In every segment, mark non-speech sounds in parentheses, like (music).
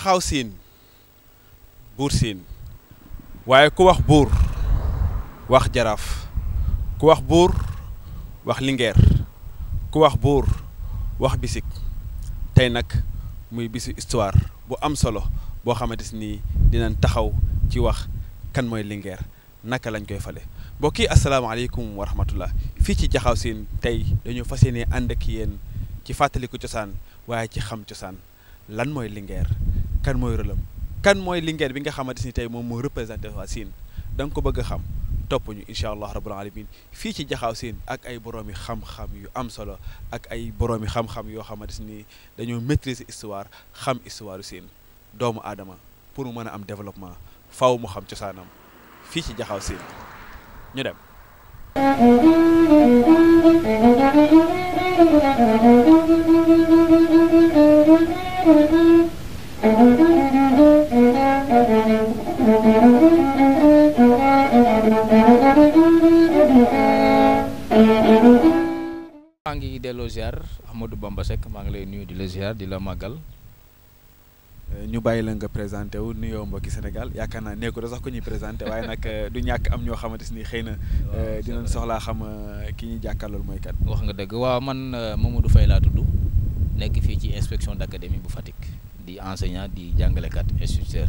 jaxaw siin buur siin waaye ku wax buur wax jaraaf ku wax buur wax lingeer ku wax buur wax bisik tey nag muy bisu histoire bu am solo boo xamante nii dinañ taxaw ci wax kan mooy lingeer naka lañ koy fale mbokk yi asalaamaaleykum wa rahmatullah fii ci jaxaw siin tey dañu fas yéene ànd ak yéen ci fàttaliku cosaan waaye ci xam cosaan lan mooy lingeer kan mooy rôle kan mooy Linguère bi nga xamante ni tey moom moo représenté waa Sine danga ko bëgg xam topp ñu incha allah rabbul alamin fii ci jaxaaw Sine ak ay boroomi xam-xam yu am solo ak ay boroomi xam-xam yoo xamante ni dañoo maîtriser histoire xam histoire Sine doomu aadama pour mu mën a am développement faw mu xam cosaanam fii ci jaxaw Sine ñu dem. (laughs) maa ngi delloo ziar Ahmadou Bamba Seck maa ngi lay nuyu di la ziar di la màggal euh, ñu bàyyi la nga présenté wu nuyoo mbokki Sénégal yaakaar naa nekkul sax ko ñuy présenté waaye nag euh, du ñàkk am ñoo xamante ni xëy na (laughs) euh, dinañ soxlaa xam ki ñu jàkkaarlool mooy kat. wax nga dëgg waaw man Mamadou Faye laa tudd nekk fii ci inspection d'académie bu fatik di enseignant di jàngalekat instituteur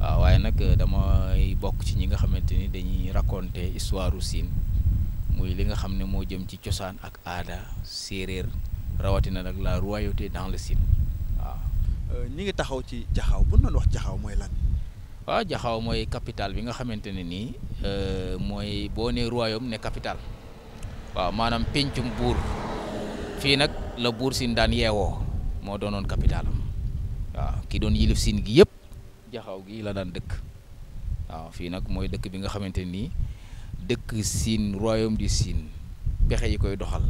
waaw waaye nag eh, damay bokk ci ñi nga xamante ni dañuy raconter histoire u Sine muy li nga xam ne moo jëm ci cosaan ak aada séeréer rawatina nag la royauté dans le Sine waaw. Euh, ñi ngi taxaw ci jaxaaw bu ñu wax jaxaaw mooy lan. waaw jaxaw mooy capital bi nga xamante ne nii euh, mooy boo ne royaume ne capital waaw maanaam pencum buur fii nag la buur Sine daan yeewoo moo doonoon capitale am waaw ki doon yilif siin gi yëpp jaxaw gi la daan dëkk waaw fii nag mooy dëkk bi nga xamante nii dëkk siin royaume du siin pexe yi koy doxal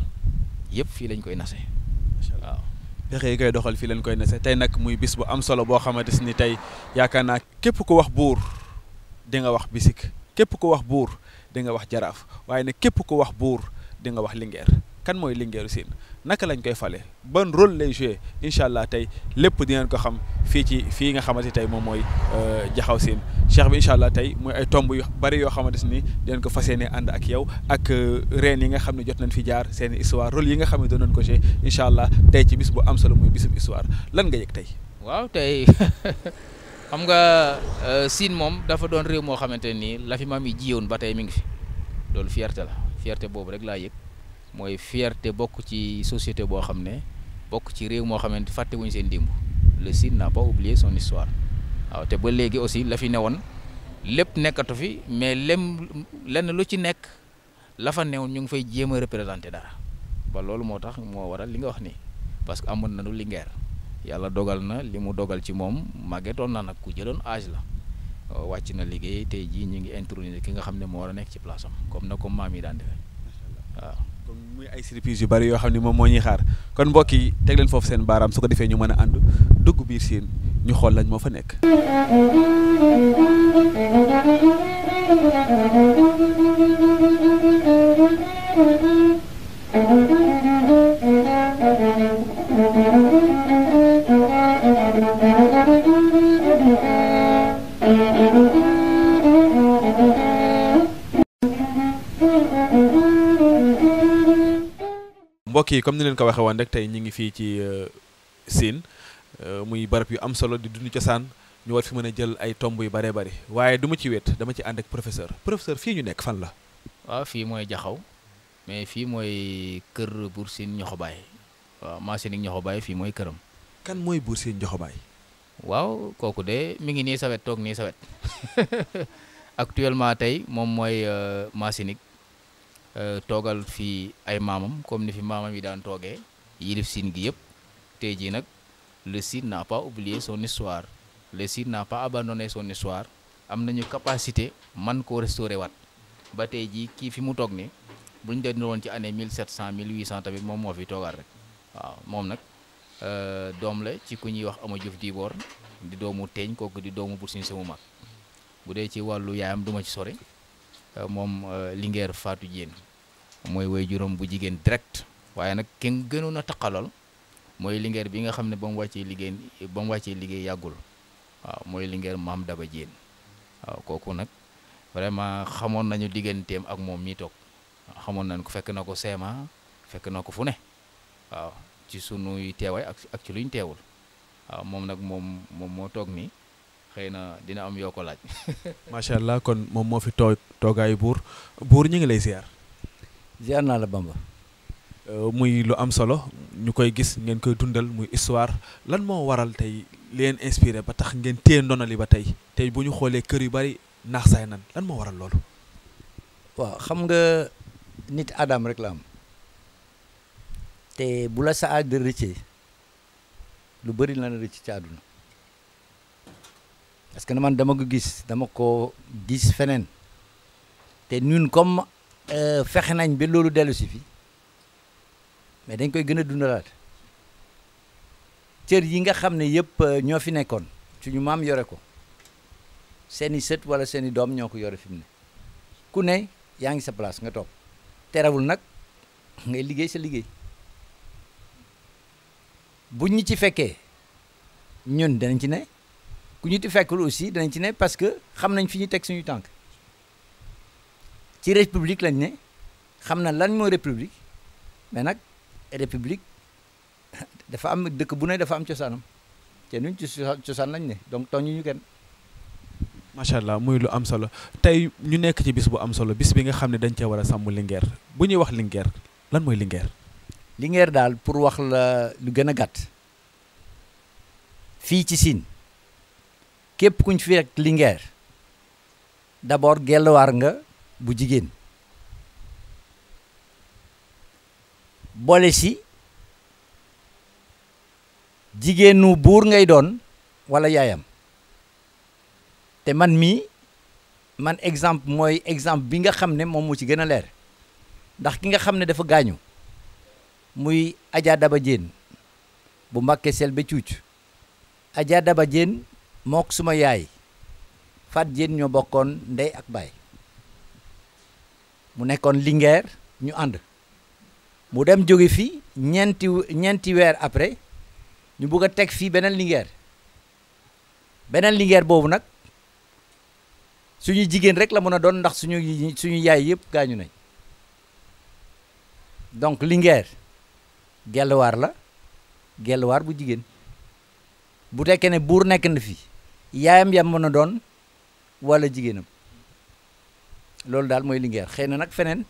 yëpp fii lañ koy nase waaw pexe yi koy doxal fii lañ koy nase tey nag muy bis bu am solo boo xamante ni tey yaakaar naa képp ko wax buur di nga wax bisik képp ko wax buur di wax jaraaf waaye nag képp ko wax buur di nga wax lingeer kan mooy Linguère Sine naka lañ koy fale ban rôle lay joué incha allah tey lépp dinañ ko xam fii ci fii nga xamante tey moom mooy jaxaw euh, siin cheikh bi incha allah tey mooy ay tomb bari yoo xamante ni dinañ ko fas yéene ànd ak yow ak euh, reen yi nga xam ne jot nañ fi jaar seen histoire rôle yi nga xam ne doon nañ ko joué incha allah tey ci bis bu am solo muy bisub histoire lan nga yëg tey. waaw tey (laughs) xam nga euh, siin moom dafa doon réew moo xamante nii la fi maam ba tey mi ngi fi loolu fierté la fierté boobu rek laa mooy fierté bokk ci société boo xam ne bokk ci réew moo xamante fàtte wuñu seen dimb le Sine n'a pas oublié son histoire waaw te ba léegi aussi la fi newoon lépp nekkatu fi mais lem lenn lu ci nekk la fa newoon ñu ngi fay jéem a représenté dara ba loolu moo tax moo waral li nga wax nii parce que amoon na nu Linguère yàlla dogal na li mu dogal ci moom màggetoon na nag ku jëloon âge la euh, wàcc na liggéey te jii ñu ngi introniser ki nga xam ne moo war a nekk ci place am na ko maam yi daan defee kon muy ay surprise yu bari yoo xam ne moom moo ñuy xaar kon yi teg foofu seen baaraam su ko defee ñu mën a ànd dugg biir siin ñu xool lañ moo fa nekk. (laughs) mbokk yi comme ni leen ko waxee woon rek tey ñu ngi fii ci euh, siin euh, muy barab yu am solo di dund cosaan ñu war fi mën a jël ay tomb yu baree bari waaye duma ci wet dama ci ànd ak professeur professeur fii ñu nekk fan la. waaw fii mooy jaxaw mais fii mooy kër Buur Sine Ñoxobaay waaw maa Sine Ñoxobaay fii mooy këram. kan mooy Buur Sine Ñoxobaay. waaw kooku de mi ngi nii sawet toog nii sawet (laughs) actuellement tey moom mooy euh, Masinick Euh, toogal fi ay maamam comme ni fi maamam yi daan toogee yilif siin gi yëpp tey jii nag le Sine n'a pas oublié son histoire le Sine n'a pas abandonné son histoire am nañu capacité man koo restauré waat ba tey jii kii fi mu toog ne bu ñu dee woon ci année 1700 1800 tamit moom moo fi toogaat rek waaw moom nag euh, doom la ci ku ñuy wax Ama Diouf Dibor di doomu teeñ kooku di doomu Bour Sine Semu mag bu dee ci wàllu yaayam duma ci sore Euh, moom euh, Linguère faatu Diène mooy way juróom bu jigéen direct waaye nag kenn gënoon na taqalool mooy Linguère bi nga xam ne ba mu wàccee liggéey ba mu wàccee liggéey yàggul waaw mooy Linguère maam Daba Diène waaw kooku nag vraiment xamoon nañu digganteem ak moom mii toog xamoon nañ ko fekk na ko seema fekk na ko fu ne waaw ci sunuy teewaay ak ak ci luñ teewul waaw moom nag moom moom moo toog nii xëy na dina am yoo ko laaj. (laughs) macha allah kon moom moo fi toog toogaayu buur buur ñu ngi lay ziar. ziar naa la Bamba. Euh, muy lu am solo ñu koy gis ngeen koy dundal muy histoire lan moo waral tey leen inspiré ba tax ngeen téye ndono ba tey tey bu ñu xoolee kër yu bari naax saay nan lan moo waral loolu. waaw xam nga nit adam rek la am te bu la sa aaj rëccee lu bari la na rëcc ci àdduna parce que man dama ko gis dama ko gis feneen te ñun comme euh, fexe nañ ba loolu dellu si fi mais dañ koy gën a dundalaat cër yi nga xam ne yëpp euh, ñoo fi nekkoon ñu maam yore ko seeni sët wala seeni doom ñoo ko yore fi mu ne ku ne yaa ngi sa place nga toog terewul nag ngay liggéey sa liggéey bu ñu ci fekkee ñun danañ ci ne ku ñu ti fekkul aussi danañ ci ne parce que xam nañ fi ñu teg suñu tànk ci république lañ ne xam na lan mooy république mais nag république (laughs) dafa am dëkk bu ne dafa am cosaanam te nuñ ci cosaan lañ ne donc tooñu ñu kenn. macha allah muy lu am solo tey ñu nekk ci bis bu am solo bis bi nga xam ne dañ cee war a sàmm Linguère bu ñuy wax Linguère lan mooy Linguère. Linguère daal pour wax la lu gën a gàtt fii ci Sine képp kuñ fi rek lingeer d'abord gelluwaar nga bu jigéen boole si jigéenu buur ngay doon walla yaayam te man mii man exemple mooy exemple bi nga xam ne moom mu ci gën a leer ndax ki nga xam ne dafa gaañu muy Adja Daba Diène bu Mbàkke Selbe Cuuc Adja Daba Diène mook suma yaay Fat Diène ñoo bokkoon ndey ak baay mu nekkoon Linguère ñu ànd mu dem jóge fii ñeenti ñeenti weer après ñu bugg a teg fii beneen Linguère beneen Linguère boobu nag suñu jigéen rek la mën a doon ndax suñu suñu yaay yëpp gaañu nañ donc Linguère gelwaar la gelwaar bu jigéen bu tekkee ne buur nekk na fii yaayam yam mën a doon wala jigéenam loolu daal mooy lingeer xëy na nag feneen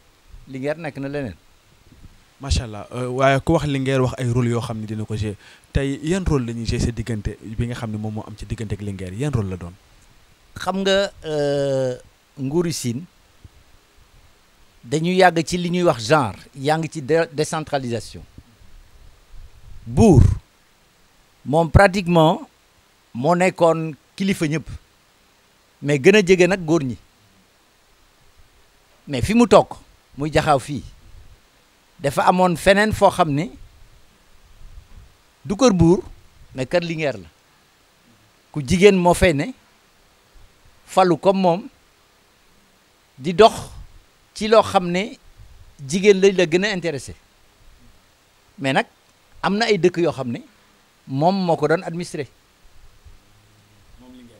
lingeer nekk na leneen. macha allah euh, waaye ku wax lingeer wax ay rôle yoo xam ne dina ko jouer tey yan rôle la ñuy jouer sa diggante bi nga xam ne moom moo am ci diggante ak lingeer yan rôle la doon. xam nga euh, nguur siin dañu yàgg ci li ñuy wax genre yaa ngi ci décentralisation buur moom pratiquement moo nekkoon kilifa ñëpp mais gën a jege nag góor ñi mais fi mu toog muy jaxaw fii dafa amoon feneen foo xam ne du kër buur mais kër Linguère la ku jigéen moo fay ne falu comme moom di dox ci loo xam ne jigéen lañ la gën a intéressé mais nag am na ay dëkk yoo xam ne moom moo ko doon administré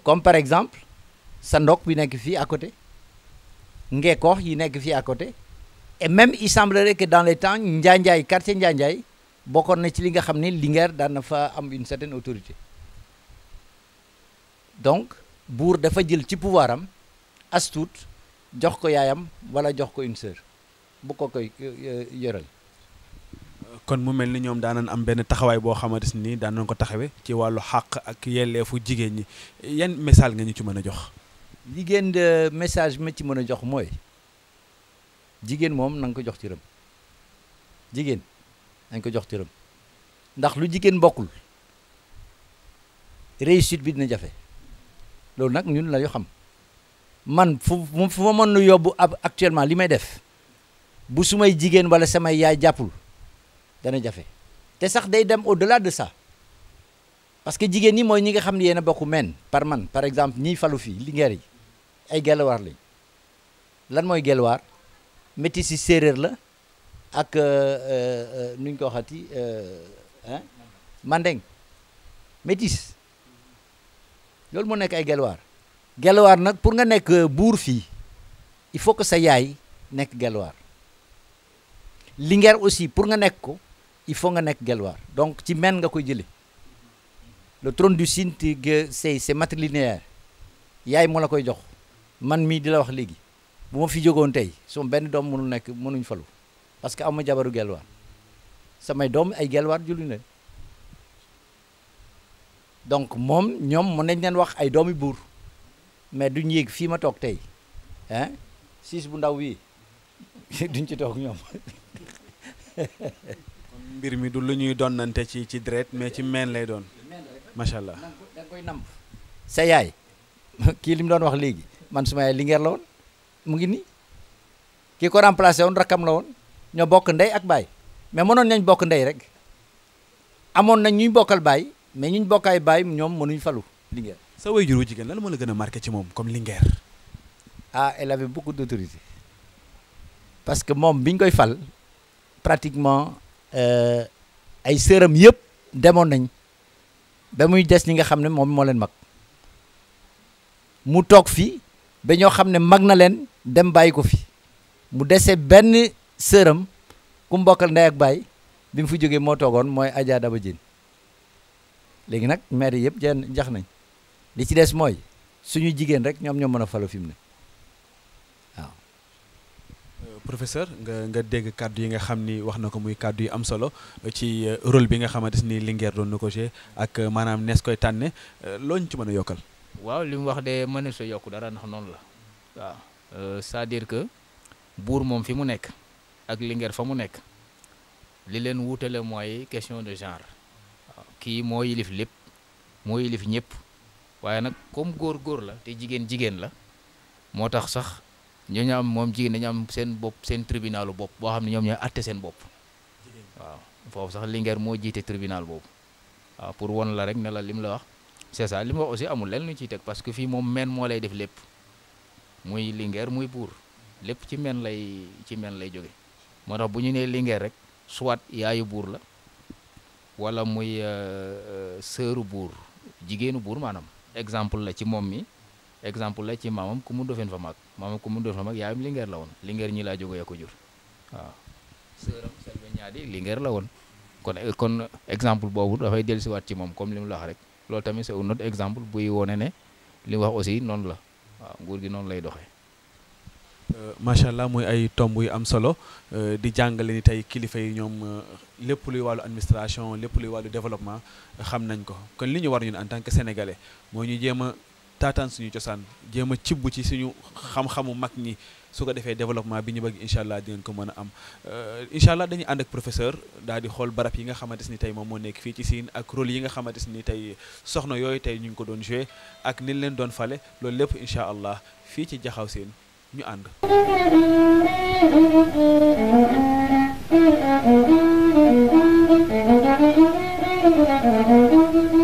comme par exemple sa ndok bi nekk fii à côté ngeekoox yi nekk fii à côté et même il semblerait dans les temps Njaanjaay quartier Njaanjaay bokkoon na ci li nga xam ne Linguère daan na fa am une certaine autorité donc buur dafa jël ci pouvoir am astuut jox ko yaayam wala jox ko une bu ko koy euh, euh, yoral kon mu mel ni ñoom daanan am benn taxawaay boo xamante ni daan nañ ko taxawee ci wàllu xàq ak yelleefu jigéen ñi yan message nga ñu ci mën a jox. jigéen message bi ma ci mën a jox mooy jigéen moom na ko jox ci jigéen na ko jox ci ndax lu jigéen bokkul réussite bi dina jafe loolu nag ñun la yoo xam man fu fu ma mën na yóbbu ab actuellement li may def bu sumay jigéen wala samay yaay jàppul. dana jafe te sax day dem au la de sax parce que jigéen ñi mooy ñi nga xam ne yéen a bokk men par man par exemple ñiy falu fii lingeer yi ay gelawaar lañ lan mooy gelawaar métis si séeréer la ak euh, euh, nu ñu ko waxati euh, mandeng métis loolu moo nekk ay gelawaar gelawaar nag pour nga nekk buur fii il faut que sa yaay nekk gelawaar lingeer aussi pour nga nekk ko il faut nga nekk Guelwaar donc ci men nga koy jële le trône du Sine c'est c'est matrilinéaire yaay moo la koy jox man mii di la wax léegi bu ma fi jógoon tey suma benn doom mënul nekk mënuñ falu parce que am amuma jabaru Guelwaar samay doom ay Guelwaar juluñ leen donc moom ñoom mën nañ leen wax ay doomi buur mais duñ yéeg fii ma toog tey ah siis bu ndaw wii (laughs) duñ ci toog ñoom (laughs) mbir mi du lu ñuy donnante ci ci mais ci meen lay doon macha allah. da nga koy sa yaay (laughs) kii li mu doon wax léegi man suma yaay Linguère la woon mu ngi nii kii ko remplacé woon rakkam la woon ñoo bokk ndey ak baay mais mënoon nañ bokk ndey rek amoon nañ ñuy bokkal baay mais ñuñ bokkaay baay ñoom mënuñ falu Linguère. sa waajur wu jigéen lan moo la gën a marqué ci moom comme Linguère. ah elle avait beaucoup d'autorité parce que moom bi ñu koy fal pratiquement. Euh, ay sëram yëpp demoon nañ ba muy des ñi nga xam ne moom moo leen mag mu toog fi ba ñoo xam ne mag na leen dem bàyyi ko fi mu dese benn sëram ku mbokkal ndey ak baay bi mu fi jógee moo toogoon mooy Adja Daba Dieng léegi nag maire yëpp jax nañ li ci des mooy suñu jigéen rek ñoom ñoo mën a falo fi mu ne professeur nga nga dégg kàddu yi nga xam ni wax na ko muy kàddu yi am solo ci euh, rôle bi nga xamante ni Linguère doon na ko jouer ak euh, maanaam nees koy tànne euh, loo ñu ci mën a yokkal. waaw li mu wax de mën na sa yokk dara nax noonu la waaw c'est-à-dire que buur moom fi mu nekk ak Linguère fa mu nekk li leen wuutale mooy question de genre waaw kii moo yilif lépp moo yilif ñëpp waaye nag comme góor góor la te jigéen jigéen la moo tax sax. ñoo ñooñu am moom jigéen dañu am seen bopp seen tribunalu bopp boo xam ne ñoom ñooy àtte seen bopp waaw foofu sax Linguère moo jiite tribunal boobu waaw pour won la rek ne la lim la wax c'est ça li mu wax aussi amul leen lu ciy teg parce que fii moom men moo lay def lépp muy Linguère muy buur lépp ci men lay ci men lay jóge moo tax bu ñu nee Linguère rek soit yaayu buur la wala muy euh, euh, sëru buur jigéenu buur maanaam exemple la ci moom mi exemple la ci maamam ku mu dofeen fa mag maama Kumba Ndof la mag yaayam Linguère la woon Linguère ñi laa jógee ko jur waaw sëram Selbe Ñaadi la woon kon eh, kon exemple boobu dafay dellusiwaat ci moom comme li mu la wax rek loolu tamit c'est un exemple buy wone ne li mu wax aussi noonu la waaw nguur gi noonu lay doxee. Euh, macha allah muy ay tomb yu am solo euh, di jàngale ni tey kilifa yi ñoom euh, lépp luy wàllu administration lépp luy wàllu développement xam nañ ko kon li ñu war ñun en tant que sénégalais moo ñu jéem taataan suñu cosaan jéem a cibb ci suñu xam-xamu mag ñi su ko defee développement bi ñu bëgg incha allah di ko mën a am euh, incha allah dañuy ànd ak professeur daal di xool barab yi nga xamante ni tey moom moo nekk fii ci Sine ak rôle yi nga xamante ni tey soxna yooyu tey ñu ngi ko doon joué ak ni leen doon fale loolu lépp incha allah fii ci Jaxaw Sine ñu ànd. (laughs)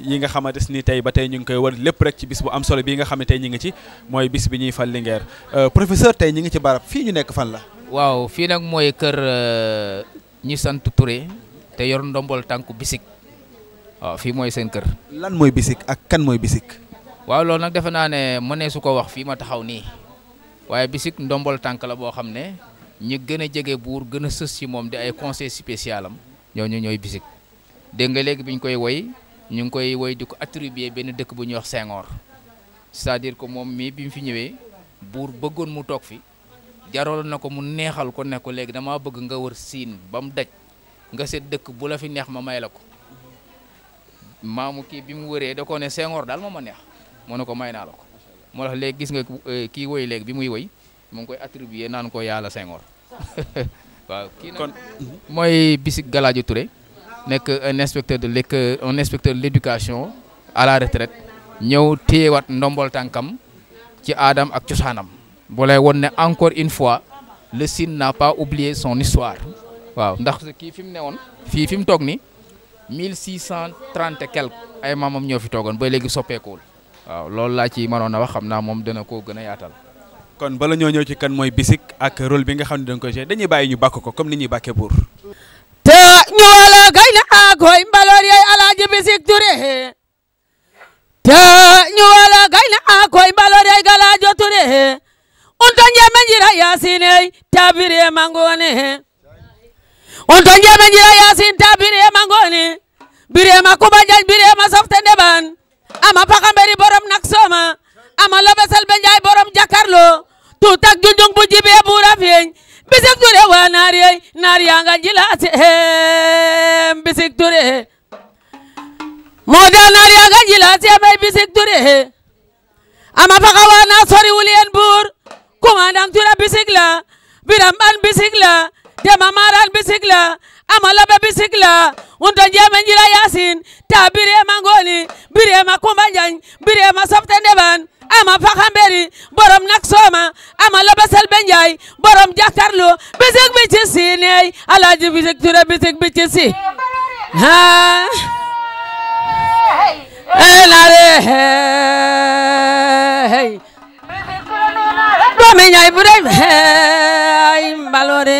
yi nga xamante ni tey ba tey ñu ngi koy war lépp rek ci bis bu am solo bi nga xam ne tey ñu ngi ci mooy bis bi ñuy fal Linguère euh, professeur tey ñu ngi ci barab fii ñu nekk fan la. waaw fii nag mooy kër euh, ñi sant ture te yor ndombol tànku bisik waaw fii mooy seen kër. lan mooy bisik ak kan mooy bisik. waaw loolu nag defe naa ne mënee su ko wax fii ma taxaw nii waaye bisik ndombol tànk la boo xam ne ñi gën a jege buur gën a sës ci moom di ay conseil spécial am ñooñu ñooy bisik dégg nga léegi bi ñu koy woy ñu ngi koy woy di ko attribuer benn dëkk bu ñuy wax Senghor cest à ko moom mii bi mu fi ñëwee buur bëggoon mu toog fi jaroon na ko mu neexal ko nekk ko léegi damaa bëgg nga wër siin ba mu daj nga seet dëkk bu la fi neex ma may la ko maamu kii bi mu wëree da ko ne Senghor daal moo ma neex mu ne ko may naa la ko moo tax léegi gis nga eh, kii woy léegi bi muy woy mu ngi koy attribuer naan ko yàlla Senghor (laughs) waaw kii nag mooy Bisik Galadio Touré nekk un inspecteur de l' un inspecteur de l' à la retraite ñëw téyewaat ndombol tànkam ci aadam ak cosaanam bu lay won ne encore une fois le Sine n'a pas oublié son histoire waaw ndax kii fi mu ne woon fii fi mu toog ni mille six cent trente et quelque ay maamam ñoo fi toogoon ba léegi soppeekool waaw loolu laa ci manoon a wax xam naa moom dana koo gën yaatal kon bala ñoo ñëw ci kan mooy bisik ak rôle bi nga xam ne danga koy joué dañuy bàyyi ñu bàkk ko comme ni ñuy bàkkee buur te ñu wala kay na koy mbalor yey alaaji bisik ture te ñu wala kay na koy mbalor yey galaajo ture unto njeme njira yasiney tabire mangone unto njeme njira yasin tabire mangone birema kubanjaj birema softe ndeban ama pakamberi borom nak soma ama lobesel be njaay borom jakarlo tutak junjung bu jibe buura feeñ bisik ture waa naar yey naar yaa nga jilaase heem bisik ture moo daa naar yaa nga jilaase bay bisik ture ama faga waa naa sori wuliyeen buur kumandang tura bisik la biram an bisik la dema maaran bisik la ama lobe bisik la wunto njeeme njila yaasin taa bireema ngooni bireema kumba njañ bireema sopte ndeban ama faxamberi borom nak sooma ama labasal benjaay borom jakarlo bisik bi si ney alaaji bisik tura bisik bi si haa ee naare hey doomi ñaay bu rey hey mbaloore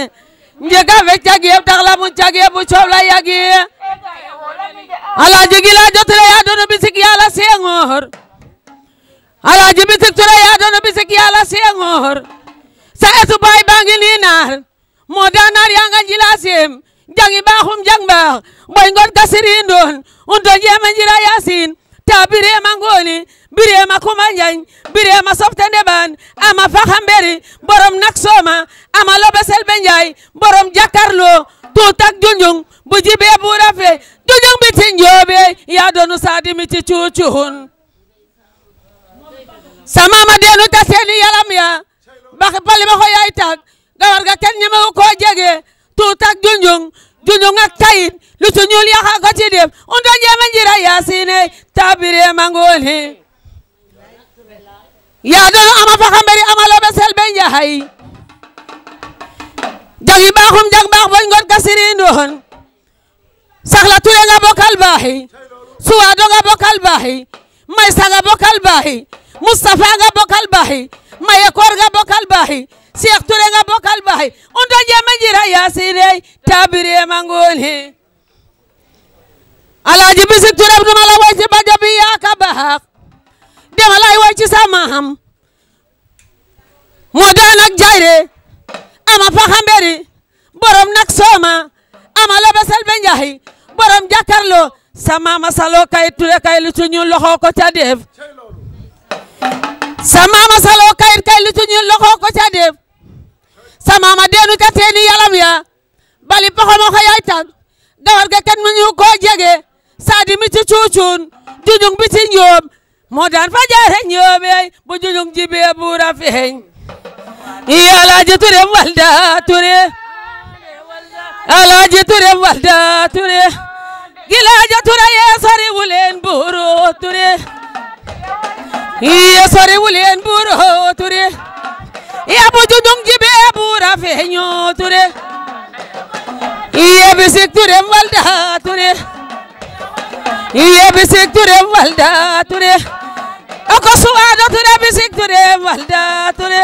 njëkka fe cagiye tax la mu cagiye bu coow la yagiye alaaji gi la yaa doonu bisik yaa la seengoor alaaji Bitik Ture yaa doon bisik yàlla si ngoor sa etu baay baa ngi nii naar moo daa naar yaa nga njilaasim jangi baaxum jang baax boy ngot ka siriin doon unto jeema njira yaasin taa bireema ngooni bireema kuma njañ bireema softe ndeban ama faxamberi borom nak sooma ama lobe selbe njaay borom jakarlo tuutak junjung bu jibee buura fe junjung bitin joobe yaa doonu saadimi ci cuucuun sama ma deenu ta seeni yaram ya bax pali ma ko yaay tag gawar ga kenn ñemewu koo jege tuut ak junjung junjung ak tayit lu su ñuul yaxa ci def unto jeema njira yaasiine tabire mangoone yaa doon ama faxamberi ama loobe selbe njahay jagi baaxum jag baax boñ ngot ka siriin doon saxla ture nga bokkal baaxi suwaa do nga bokkal baaxi may saga bokkal baaxi Moustapha nga bokkal baaxi Mayekoor nga bokkal baaxi Cheikh Touré nga bokkal baaxi unta jeme jira yaasiidey taabiree mangooni alaaji bisik Touré duma la way ci bajo bi yaa ka baax dama lay way ci sa maam moo doon ak jayre ama faxamberi borom nak sooma ama labasal be njaay borom jàkkarloo sa maama saloo kay Touré kay lu ci ñun ca def sa mama saloo kayit kay lu ci ñun ko ca def sa mama deenu ka teeni yalam ya bali paxama ko yaay gawar ga kenn mu ñu ko jege saadi mi ci cuucuun junjung bi ci ñoom moo daan fa jaare ñoomey bu junjung jibee buura feeñ alaaji Ture Walda Ture alaaji Ture Ture gilaaja Ture yee sori wuleen buuru Ture iya sori wuleen buuroo ture iya bu judung jibee buura feeñoo ture iya bisik ture waldaa ture iya bisik ture waldaa ture oko suwaado ture bisik ture waldaa ture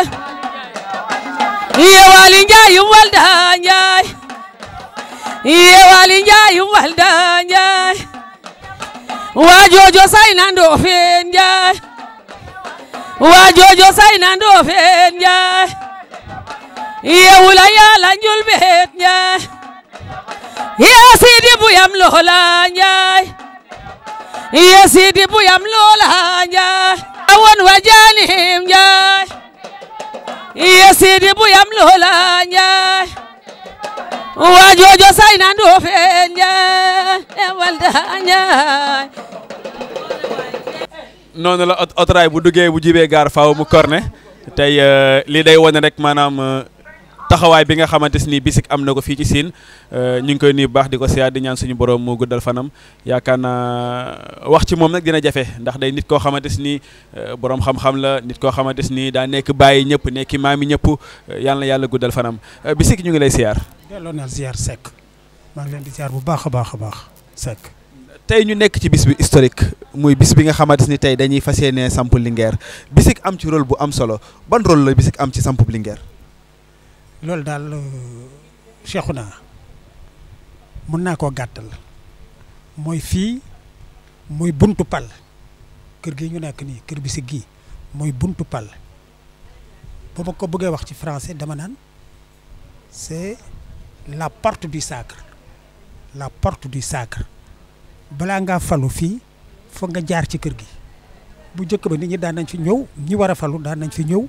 iya waali njaayu waldaa njaay iya waali njaayu waldaa njaay waa joojo say nandoo feen njaay waa joojo say na Ndofeen Njaay yeewu la Yàlla njul Njaay yee siidi bu yam loola Njaay yee siidi bu yam loola Njaay awon siidi bu yam loola Njaay waa joojo say na Ndofeen Njaay ewal daa Njaay noonu la autorail bu duggee bu jibee gaar faaw mu corné tey euh, li day wane rek maanaam euh, taxawaay bi nga xamante nii bisik am na ko fii ci Sine euh, ñu ngi koy nuyu baax di ko siyaar di ñaan suñu borom mu guddal fanam yaakaar naa wax ci moom nag dina jafe ndax day nit koo xamante ni borom xam-xam la nit koo xamante nii daa nekk bàyyi ñëpp nekki maami ñëpp yàlla yàlla guddal fanam bisik ñu ngi lay siyaar. delloo naa siyaar Seck maa ngi leen di siyaar bu baax a baax a baax Seck. tey ñu nekk ci bis bi historique muy bis bi nga xamante ni tey dañuy fas ne samp Linguère Bisik am ci rôle bu am solo ban rôle la Bisik am ci samp Linguère. loolu daal euh, Cheikhouna mën naa koo gàttal mooy fii muy buntu pal kër gi ñu nekk nii kër Bisik gi muy buntu pal bu ko bëggee wax ci français dama naan c'est la porte du sacre la porte du sacre. balaa ngaa falu fii foog nga jaar ci kër gi bu njëkk ba nit ñi daan nañ fi ñëw ñi war a falu daan nañ fi ñëw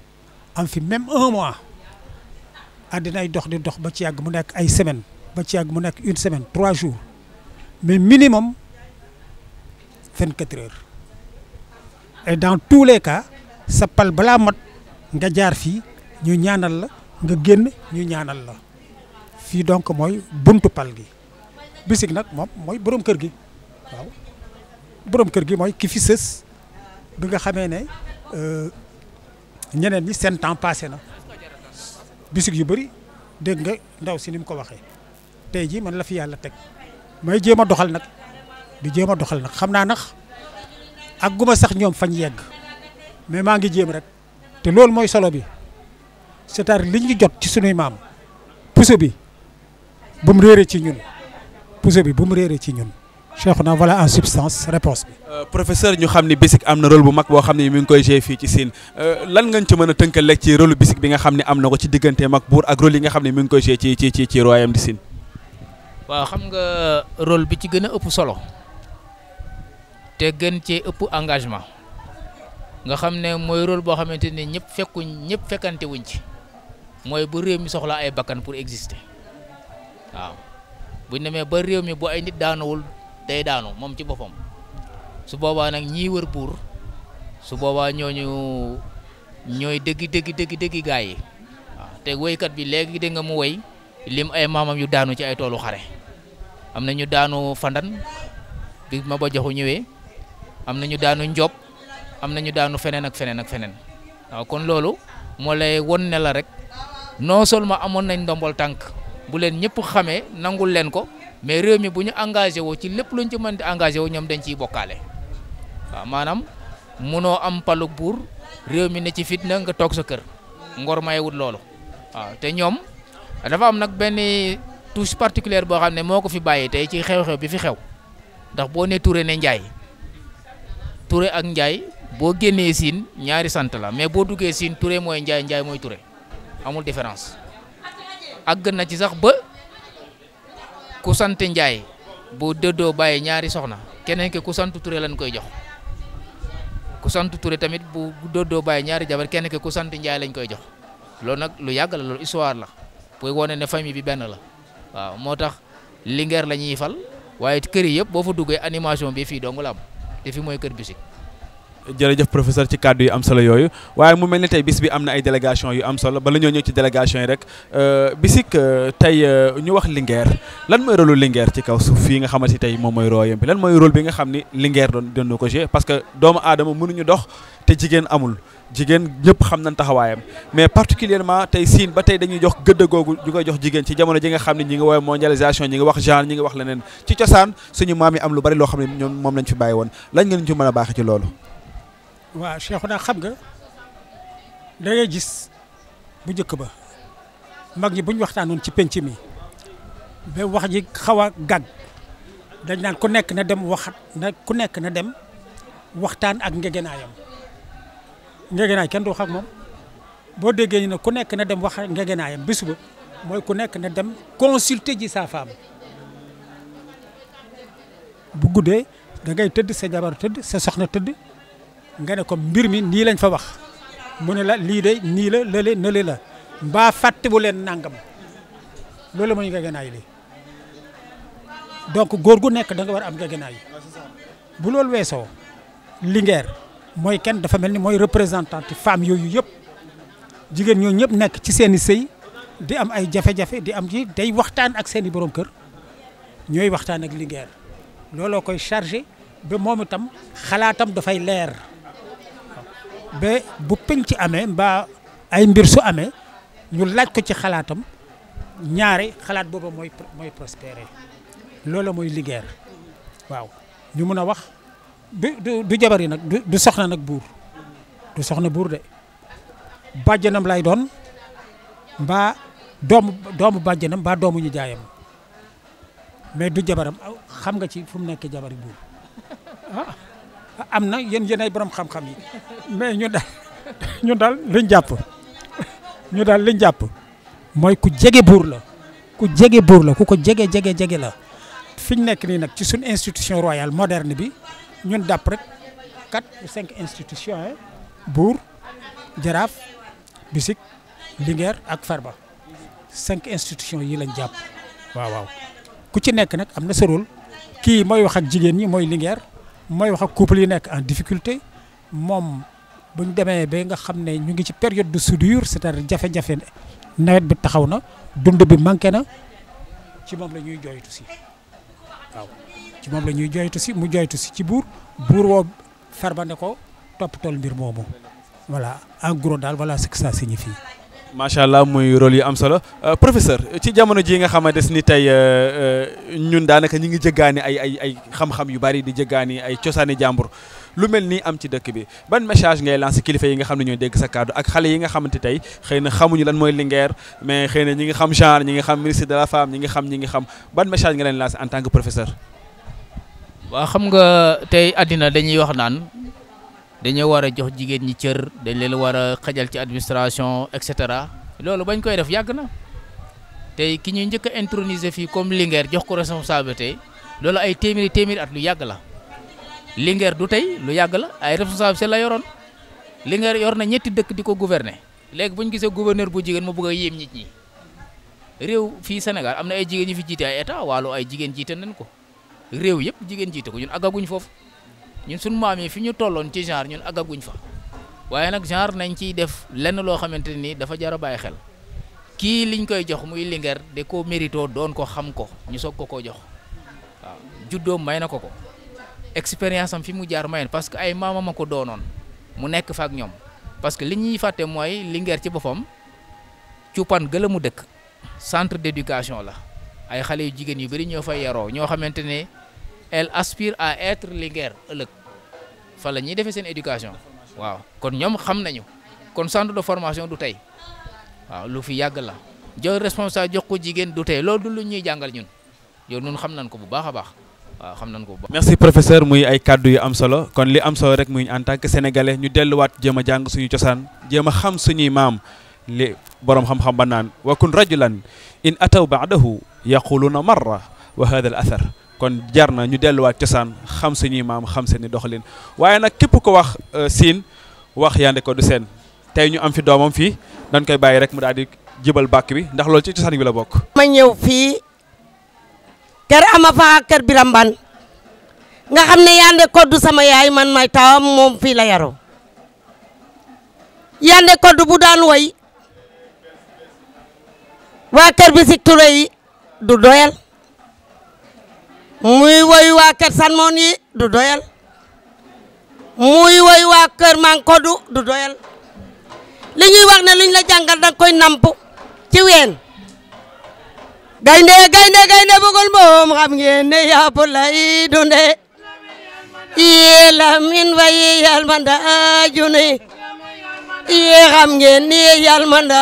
am fi même un mois ay dox di dox ba ci yàgg mu nekk ay semaine ba ci yàgg mu nekk une semaine trois jours mais minimum fen quatre heures et dans tout les cas sa pal balaa mat nga jaar fii ñu ñaanal la nga génn ñu ñaanal la fii donc mooy buntu pal gi bisig nag moom mooy borom kër gi waaw borom kër gi mooy ki fi sës bi nga xamee ne euh, ñeneen ñi seen temps passé na bisig yu bëri dégg nga ndaw si ni mu ko waxee tey jii man la fi yàlla teg mooy jéem a doxal nag di jéem a doxal nag xam naa nax ak guma sax ñoom fañ yegg mais maa ngi jéem rek te loolu mooy solo bi c'est-à-dire jot ci sunuy maam puso bi bu mu réeree ci ñun puso bi bu mu réeree ci ñun Cheikhouna voilà en substance réponse bi. Euh, professeur ñu xam ni BISIC am na rôle bu mag boo xam ne mi ngi koy joué fii ci Sine euh, lan nga ci mën a tënkal lekk ci rôle BISIC bi nga xam ne am na ko ci digganteem ak buur ak rôle yi nga xam ne mi ngi koy joué ci ci di Sine. waaw xam nga rôle bi ci gën a ëpp solo te gën cee ëpp engagement nga xam ne mooy rôle boo xamante ni ñëpp fekkuñ ñëpp fekkante wuñ ci mooy bu réew mi soxla ay bakkan pour exister w day daanu moom ci boppam su boobaa nag ñii wër buur su boobaa ñooñu ñooy dëgg dëgg dëgg dëgg gaa yi waaw te woykat bi léegi dégg nga mu woy lim ay maamam yu daanu ci ay toolu xare am na ñu daanu fandan bi ma ba ñëwee am na ñu daanu njob am na ñu daanu feneen ak feneen ak feneen kon loolu moo lay won ne la rek noo sol ma amoon nañ ndombol tànk bu leen ñëpp xamee nangul leen ko mais réew mi bu ñu engagé woo ci lépp luñ ci mën di engagé woo ñoom dañ ciy bokkaale waaw maanaam munoo am palug buur réew mi ne ci fitna nga toog sa kër ngor mayewut loolu waaw te ñoom dafa am nag benn touche particulière boo xam ne moo ko fi bàyyi tey ci xew-xew bi fi xew ndax boo ne Touré ne Njaay Touré ak Njaay boo génnee siin ñaari sant la mais boo duggee siin Touré mooy Njaay Njaay mooy Touré amul différence àgg na ci sax ba. ku sant Njaay bu dëddoo bàyyi ñaari soxna keneen ke ku sant toure lañ koy jox ku sant toure tamit bu dëddoo bàyyi ñaari jabar keneen ke ku sant Njaay lañ koy jox loolu nag lu yàgg la loolu histoire la pour wone ne famille bi benn la waaw moo tax Linguère la ñuy fal waaye kër yi yëpp boo fa duggee animation bi fii dong la am te fi mooy kër bisik jërëjëf professeur ci kàddu yu am solo yooyu waaye mu mel ni tey bis bi am na ay délégation yu am solo bala ñoo ñëw ci délégation yi rek euh, bisik euh, tey euh, ñu wax Linguère lan mooy rôle Linguère ci kaw su fii nga xamante ni tey moom mooy royaume bi lan mooy rôle bi nga xam ni Linguère doon doon ko jouer parce que doomu aadama mënuñu dox te jigéen amul jigéen ñëpp xam nañ taxawaayam mais particulièrement tey siin ba tey dañuy jox gëdd googu ñu koy jox jigéen ci jamono ji nga xam ne ñi ngi woowee mondialisation ñi ngi wax genre ñi ngi wax leneen ci cosaan suñu loo xam ne ñoom moom lañ fi bàyyi woon lañ a baaxee ci waaw Cheikhouna xam nga da ngay gis bu njëkk ba mag ñi buñ waxtaan waxtaanoon ci penc mi ba wax ji xaw a dañ naan ku nekk na dem waxat na ku nekk na dem waxtaan ak ngegenaayam ngegenaay kenn du wax ak moom boo déggee ñu ne ku nekk na dem wax ak ngegenaayam ba mooy ku nekk na dem consulter ji sa bu guddee da tëdd sa jabar tëdd sa soxna tëdd. nga ne ko mbir mi nii lañ fa wax mu ne la lii de nii la lële nële la mbaa fàtte bu leen nangam loolu mooy ngegenaay li donc góor gu nekk danga nga war am ngegenaay bu loolu weesoo Linguère mooy kenn dafa mel ni mooy représentante femme yooyu yëpp jigéen ñooñ ñëpp nekk ci seeni i di am ay jafe-jafe di am ci day waxtaan ak seeni i borom kër ñooy waxtaan ak Linguère looloo koy chargé ba moom itam xalaatam dafay leer. ba bu penc amee mbaa ay mbir su amee ñu laaj ko ci xalaatam ñaare xalaat booba mooy mooy prospérer loola mooy liggéer waaw ñu mun a wax du du du jabar yi nag du soxna nag buur du soxna buur de bàjjanam lay doon mbaa doomu bàjjanam mbaa doomu jaayam mais du jabaram xam nga ci fu mu nekkee jabari buur (laughs) am na yéen yéen ay borom xam-xam yi mais ñu daal ñu daal liñ jàpp ñu daal liñ jàpp mooy ku jege buur la ku jege buur la ku ko jege jege jege la. fi ñu nekk nii nag ci suñu institution royale moderne bi ñun dàpp rek quatre ou cinq institution yi buur jaraaf bisik ak farba cinq institutions yi lañ jàpp waaw waaw ku ci nekk nag am na sa rôle kii mooy wax ak jigéen ñi mooy lingeer. mooy wax ak couple yi nekk en difficulté moom bu demee ba nga xam ne ñu ngi ci période de soudure c'est-à-dire jafe-jafe nawet bi taxaw na dund bi manqué na ci moom la ñuy jooytu si waaw ci moom la ñuy jooytu si mu jooytu si ci buur buur woo farba ne ko toppatool mbir moomu voilà en gros daal voilà ce que ça signifie. macha allah mooy role yi am solo euh, professeur ci jamono jii nga xam xamante ni tey euh, euh, ñun daanaka ñu ngi jëggaani ay ay ay xam-xam yu bari di jëggaani ay cosaan cosaani jàmbur lu mel ni am ci dëkk bi ban message ngay lancé kilifa yi nga xam ne ñooy dégg sa kàddu ak xale yi nga xamante tey xëy na xamuñu lan mooy Linguère mais xëy na ñi ngi xam genre ñi ngi xam ministre de la femme ñi ngi xam ñi ngi xam ban message nga leen lancé en tant que professeur. waaw xam nga tey àddina dañuy wax dañoo war a jox jigéen ñi cër dañ leen war a xajal ci administration et cetera loolu bañ koy def yàgg na tey ki ñuy njëkk a introniser fii comme Linguère jox ko tey loolu ay téeméeri téeméeri at lu yàgg la Linguère du tey lu yàgg la ay responsabilité la yoroon Linguère yor na ñetti dëkk di ko gouverner léegi bu gisee gouverneur bu jigéen moo bëgg a yéem nit ñi réew fii Sénégal am na ay jigéen ñu fi jiite ay état wàllu ay jigéen jiite nañ ko réew yëpp jigéen jiite ko ñun àggaguñ foofu. ñun suñu maam yi fi ñu tolloon ci genre ñun àggaguñ fa waaye nag genre nañ ciy def lenn loo xamante nii dafa jar a bàyyi xel kii liñ koy jox muy Linguère de ko mérito doon ko xam ko ñu soog ko koo jox waaw juddoom may na ko ko expérience am fi mu jaar may parce que ay maamam a ko doonoon mu nekk fa ak ñoom parce que li ñuy fàtte mooy Linguère ci boppam cupan gëla mu dëkk centre d'éducation la ay xale yu jigéen yu bëri ñoo fa yaroo ñoo xamante ne elle aspire à être Linguère ëllëg fa la ñuy defee seen éducation waaw kon ñoom xam nañu kon centre de formation du tey waaw lu fi yàgg la jox responsable jox ko jigéen du tey loolu du lu ñuy jàngal ñun yow ñun xam nañ ko bu baax a baax. waaw xam nañ ko bu baax. merci professeur muy ay kàddu yu am solo kon li am solo rek muy en tant que sénégalais ñu delluwaat jéem a jàng suñu cosaan jéem a xam suñuy maam li borom xam-xam ba naan wa kun rajulan in ataw baadahu yaquluna marra wa hada al athar kon jar na ñu delluwaat cosaan xam suñuy maam xam ni doxalin waaye nag képp ko wax euh, siin wax Yandé Codou Sène tey ñu am fi doomam fii dañ koy bàyyi rek mu daal di jibal bàkk bi ndax loolu ci cosaan bi bokk. ma ñëw fii kër ama fa kër Biram xam ne Yandé Codou sama yaay man may tawam moom fii la yaroo Yandé Codou bu daan woy waa kër bi si ture yi du doyal. muy woy waa kër san moon yi du doyal muy woy waa kër mankodu du doyal li ñuy wax ne luñ la jàngal danga koy namp ci ween gaynde gaynde gaynde bugul moom xam ngeen ne yàpp lay dunde yee lamin wa yee yalmanda juni yee xam ngeen ni yee yalmanda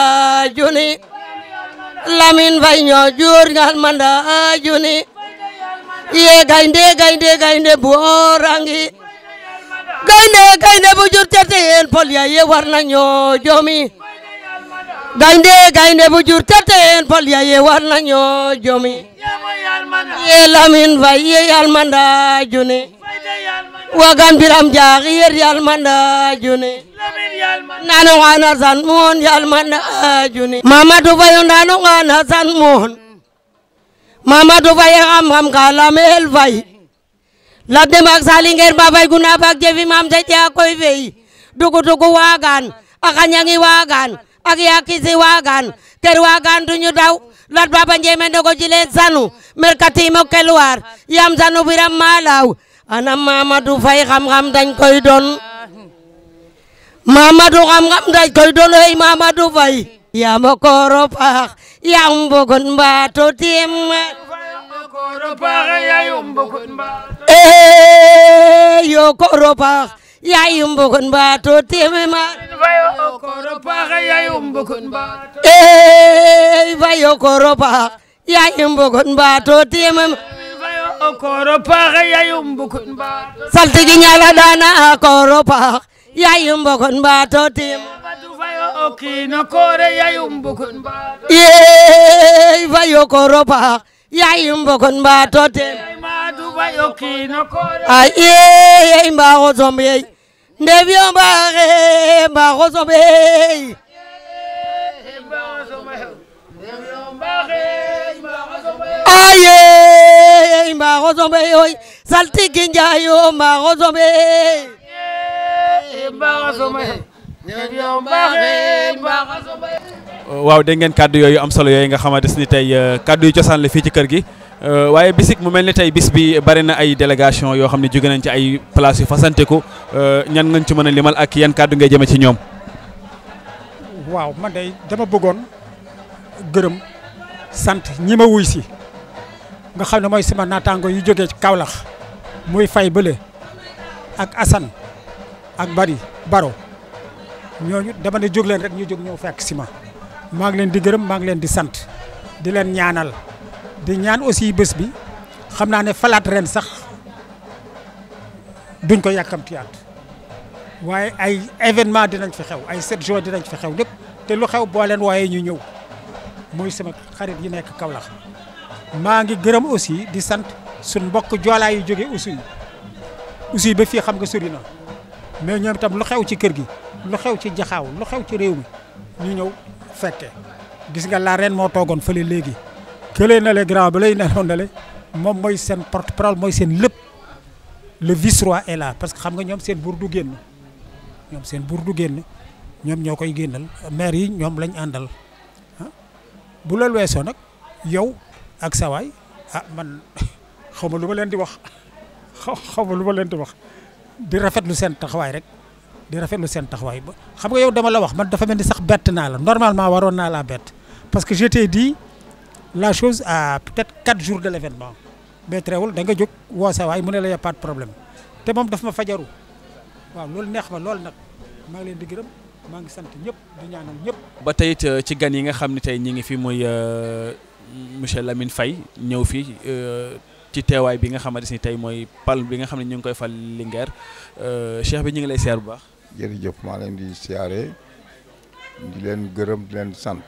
juni lamin bay ñoo jur ngal manda juni yee gaynde gaynde gaynde boorangi gaynde gaynde bu jur terte yeen pol ya ye war jomi gaynde gaynde bu jur terte yeen pol ya ye war jomi ye lamin fay ye yalmanda june wagan biram jaag yer yalmanda june nano ngana san moon yalmanda june mamadou fayo nano ngana san moon Mamadou Faye xam-xam ka Lamel Faye labde maak Salingeer ba Faye guna baak jefi maam se ƴa koy fey dugudugu waagaan a xañangi waagaan ak yaakisi waagaan ker waagaan duñu daw lat baba njeme ndogo jile sanu merkatimo kelwaar yam sanu biram maalaw ana Mamadou Faye xam-xam dañ koy doon Mamadou xam-xam dañ koy doon hey Mamadou Faye yaamo kooro paax yambugun mbato timma ee eh, yo koro pax ya yumbugun mbato timma ee eh, fa yo koro pax ya yumbugun mbato timma saltigi ñala dana koro pax ya yumbugun kina kore yayum bukun ba yey vayo koropa yayum bukun ba tote madu vayo kina kore ay yey mba ozom yey ndevyo mba re mba ozom yey aye mba waaw dégg ngeen kàddu yooyu am solo yooyu nga xamante ni tey euh, kàddu yu cosaan la fii ci kër gi euh, waaye bisik mu mel ni tey bis bi bari na ay délégation yoo xam ne jóge nañ ci ay place yu fasanteku euh, ñan ngañ ci mën a limal ak yan kàddu ngay jëme ci ñoom waaw man day dama bëggoon gërëm sant ñi ma wuy si nga xam ne mooy sama naataango yu jógee ci kawlax muy fay bële ak Assane ak bari Baro ñooñu dama ne jóg leen rek ñu jóg ñëw fekk si ma maa ngi leen di gërëm maa ngi leen di sant di leen ñaanal di ñaan aussi bés bi xam naa ne falaat ren sax duñ ko yàkkamtiyaat waaye ay événement dinañ fi xew ay set 7 di nañ fi xew lépp te lu xew boo leen waaye ñu ñëw mooy sama xarit yi nekk Kaolack maa ngi gërëm aussi di sant suñ mbokk joolaa yu jóge aussi aussi ba fii xam nga sori na mais ñoom itam lu xew ci kër gi lu xew ci jaxaaw lu xew ci réew mi ñu ñëw fekke gis nga la reine moo toogoon fële léegi këlee na le grand ba lay neloon na le moom mooy seen porte parole mooy seen lépp le vice-roi est parce que xam nga ñoom seen buur du génn ñoom seen buur du génn ñoom ñoo koy génnal maire yi ñoom lañ àndal ah, bu loolu weesoo nag yow ak sawaay a ah, man (laughs) xaw ma lu ma leen di wax (laughs) xaw ma lu ma leen di wax di rafetlu seen taxawaay rek di rafetlu seen taxawaay ba xam nga yow dama la wax man dafa mel ni sax bett naa la normalement waroon naa laa bett parce que je t'ai la chose à peut-être quatre jours de l'événement mais teewul da nga jóg woo sa waay mu ne la y a pas de problème te moom dafa ma fajaru waaw loolu neex ma loolu nag maa ngi leen di gërëm maa ngi sant ñëpp di ñaanal ñëpp. ba tey ci gan yi nga xam ne tey ñi ngi fi muy euh, monsieur Lamine Faye ñëw fii euh, ci teewaay bi nga xamante ni tey mooy palme bi nga xam ne ñu ngi koy fal Linguère euh, cheikh bi ñu ngi lay seer bu baax. jërëjëf maa leen di siyaare di leen gërëm di leen sant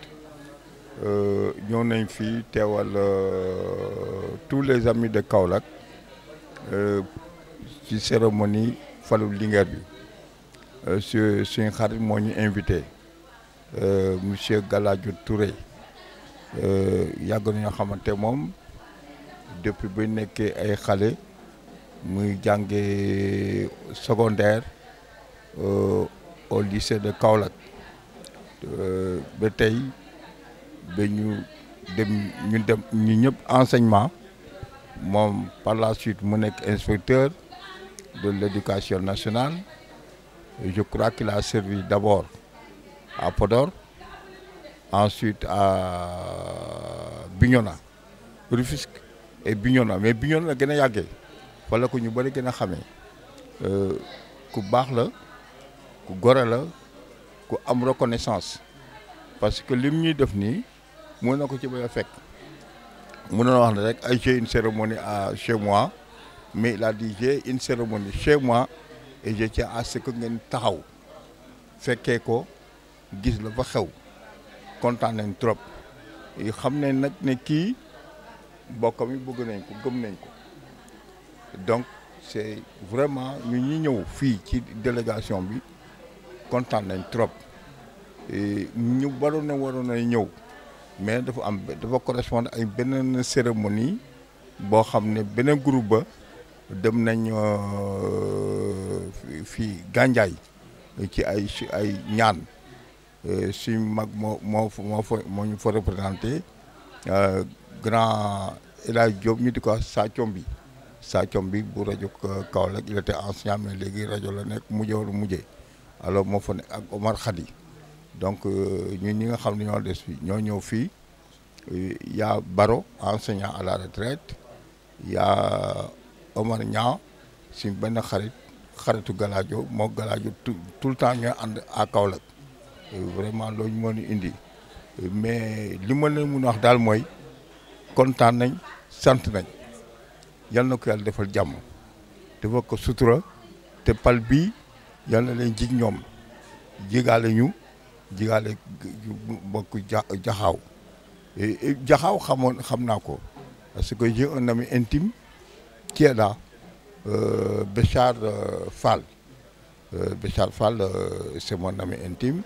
euh, ñëw nañ fi teewal euh, tous les amis de Kaolack si euh, cérémonie falu Linguère bi su suñu xarit moo ñu invité monsieur Galadio Touré yàgg nañoo xamante moom depuis ba nekkee ay xale muy jànge secondaire Euh, au lycée de Kaolack euh, ba tey ba ñu dem ñu dem ñëpp enseignement moom par la suite mu nekk inspecteur de l'éducation nationale je crois qu'il a servi d'abord à Podor ensuite à Bignona Rufisque et Bignona mais Bignona la gën a yàggee wala ko ñu bëri gën a xamee euh, ku baax la ku gore la ku am reconnaissance parce que lim ñuy def nii mën na ko ci bay a fekk mën na wax ne rek ay j'ai une cérémonie à chez moi mais il di dit une cérémonie chez moi et je tiens à ce ngeen taxaw fekkee ko gis la fa xew kontaan nañ trop yi xam ne nag ne kii bokkam yi bëgg nañ ko gëm nañ ko donc c'est vraiment ñu ñi ñëw fii ci délégation bi kontaan nañ trop ñu waroon na waroon a ñëw mais dafa am dafa correspondre ay beneen cérémonie boo xam ne beneen groupe ba dem nañ euh, fii gànjaay ci ay ci ay ñaan si mag moo moo moo ñu fa représenté euh, grand El Hadj Diop ñu di ko saa combi saa combi bu rajo Kaolack il était ancien léegi rajo la nekk mujjee wala mujjee alors moo fa ne ak Omar Khady donc euh, ñun ñi nga xam ne ñoo des fii ñoo ñëw fii y a Baro enseignant à la retraite y a Omar ñaa si benn xarit xaritu galaajo moo Galadio tout le temps ñooy ànd à Kaolack vraiment loo ñu mën indi mais li ma leen mun a wax daal mooy kontaan nañ sant nañ yal na ko yàlla defal jàmm defal ko sutura te pal bii. yal na leen jig ñoom jigaale ñu jigaale bokk ja jaxaaw e, e, jaxaaw xamoon xam naa ko parce que j'ai un ami intime Thieda euh, euh, euh, Béchar Fall Béchar Fall c'est mon ami intime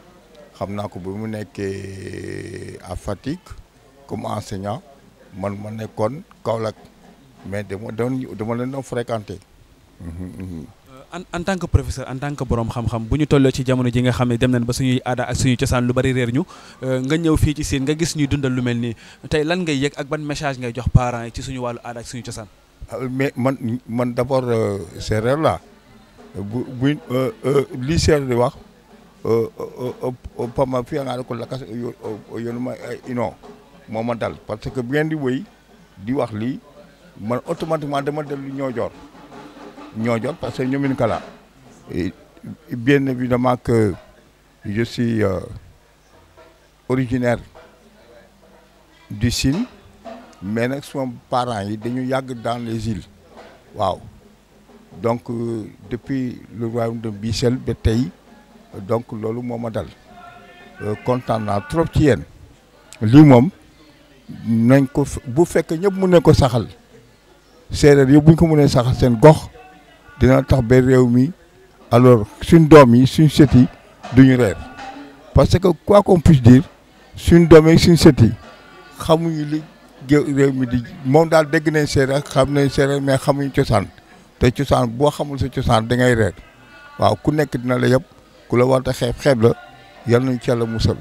xam naa ko bi mu nekkee à Fatick comme enseignant man ma nekkoon Kaolack mais dama doon dama leen doon fréquenter. en tant que professeur en tant que borom xam-xam bu ñu tolloo ci jamono ji nga xam ne dem nañ ba suñuy aada ak suñuy cosaan lu bari réer ñu euh, nga ñëw fii ci Sine nga gis ñuy dundal lu mel nii tey lan ngay yëg ak ban message ngay jox parents yi ci suñu wàllu aada ak suñu cosaan. Ah, mais man man d'abord euh, séeréer la bu bu euh, lii séeréer di wax Pama fii nga ko lakas yoonu ino moo ma dal parce que bu ngeen di wéy di wax lii man automatiquement dama dellu ñoo joor ñoo Niodior parce que Niominkala. Et bien évidemment que je suis euh, originaire du Sine mais nag sama parents yi dañu yàgg dans les îles waaw donc euh, depuis le royaume de Bicel ba tey donc loolu moo ma dal euh, kontaan naa trop ci yéen lii moom nañ ko bu fekkee ñëpp mun nañ ko saxal séeréer yëpp buñ ñu ko mënee saxal seen gox. dina tax ba réew mi alors suñ doom yi suñ sët yi duñu reer parce que quoi qu'on puisse dire suñ doom yi suñ sët yi xamuñu li réew mi di moom daal dégg nañ séeréer xam nañ séeréer mais xamuñu cosaan te cosaan boo xamul sa cosaan da ngay reer waaw ku nekk dina la yëpp ku la war a xeeb xeeb la yal nañu ci yàlla musal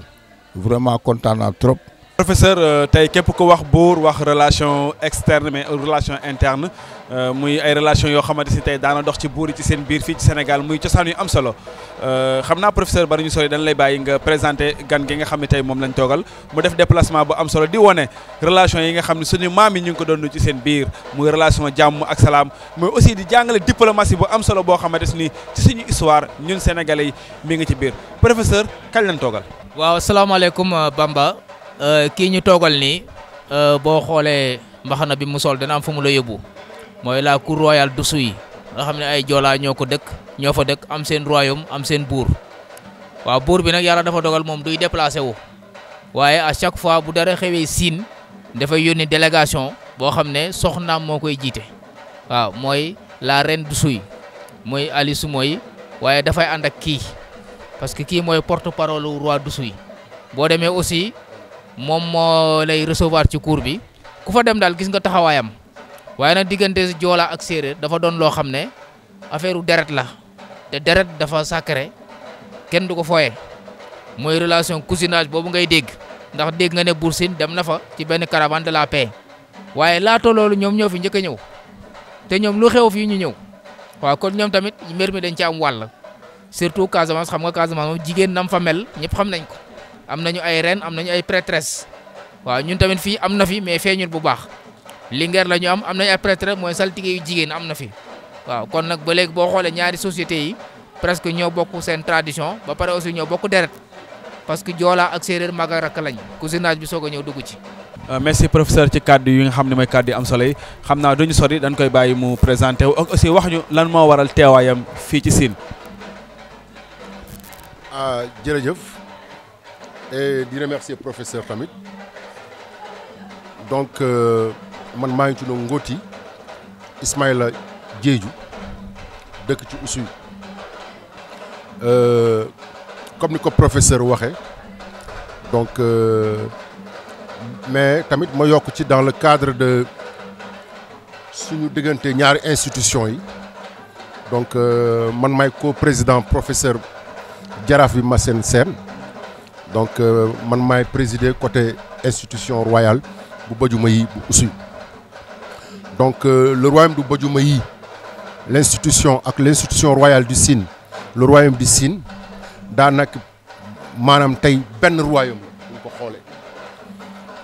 vraiment kontaan naa trop. professeur euh, tey képp ko wax buur wax relation externe mais relation interne. Euh, muy ay relation yoo xamante si tey daana dox ci buur yi ci seen biir fii ci Sénégal muy cosaan yu am solo euh, xam naa professeur bari ñu sori dañ lay bàyyi nga présenté gan gi nga xam ne tey moom lañ toogal mu def déplacement bu am solo di wone relation yi nga xam ne suñu maam yi ñu ngi ko doon ci seen biir muy relation jàmm ak salaam mais aussi di jàngale diplomatie bu am solo boo xamante ni ci suñu histoire ñun sénégalais yi mi ngi ci biir professeur kañ lañ toogal. waaw salaamaaleykum euh, Bamba kii ñu toogal nii boo xoolee mbaxana bi mu sol dana am fu mu la yóbbu. mooy la cour royale d'Oussouye nga xam ne ay joolaa ñoo ko dëkk ñoo fa dëkk am seen royaume am seen buur waaw buur bi nag yàlla dafa dogal moom duy déplacé wu waaye à chaque fois bu dara xewee siin dafay yónni délégation boo xam ne soxnaam moo koy jiite waaw mooy la reine d'Oussouye mooy Aliou mooy waaye dafay ànd ak kii parce que kii mooy porte parole roi d'Oussouye boo demee aussi moom moo lay recevoir ci cour bi ku fa dem daal gis nga taxawaayam waaye nag diggante si joola ak séeréer dafa doon loo xam ne affaire deret la te deret dafa sacré kenn du ko fooye mooy relation cousinage boobu ngay dégg ndax dégg nga ne Buur Sine dem na fa ci benn caravane de la paix waaye laata loolu ñoom ñoo fi njëkk a ñëw te ñoom lu xew fii ñu ñëw waaw kon ñoom tamit mbir mi dañ ci am wàll surtout Casamance xam nga Casamance moom jigéen nam fa mel ñëpp xam nañ ko am nañu ay reine am nañu ay prêtresse waaw ñun tamit fii am na fi mais feeñul bu baax. Linguère la ñu am am nañ ay prêtre mooy saltige yu jigéen am na fi waaw kon nag ba léegi boo xoolee ñaari société yi presque ñoo bokk seen tradition ba pare aussi ñoo bokk deret parce que Joola ak séeréer mag ak rakk lañ cousinage bi soog a ñëw dugg ci. Euh, merci professeur ci kàddu yi nga xam ne mooy kàddu yi am solo yi xam naa duñu sori dañ koy bàyyi mu présenté wu ak aussi wax ñu lan moo waral teewaayam fii ci Sine. Ah, jërëjëf et di remercier professeur tamit euh, man maa ngi ci tudd Ngoti Ismaïla Diédhiou dëkk ci Oussouye euh, comme ni ko professeur waxee donc euh, mais tamit ma yokk ci dans le cadre de suñu diggante ñaari institution yi donc euh, man maay co-président professeur Jaraaf bi Massène Sène donc euh, man maay présider côté institution royale bu Badiouma yi bu Oussouye Donc euh, le royaume du Bodjoumaï, l'institution avec l'institution royale du Sine, le royaume du Sine, daanak maanaam tey benn royaume la buñ ko xoolee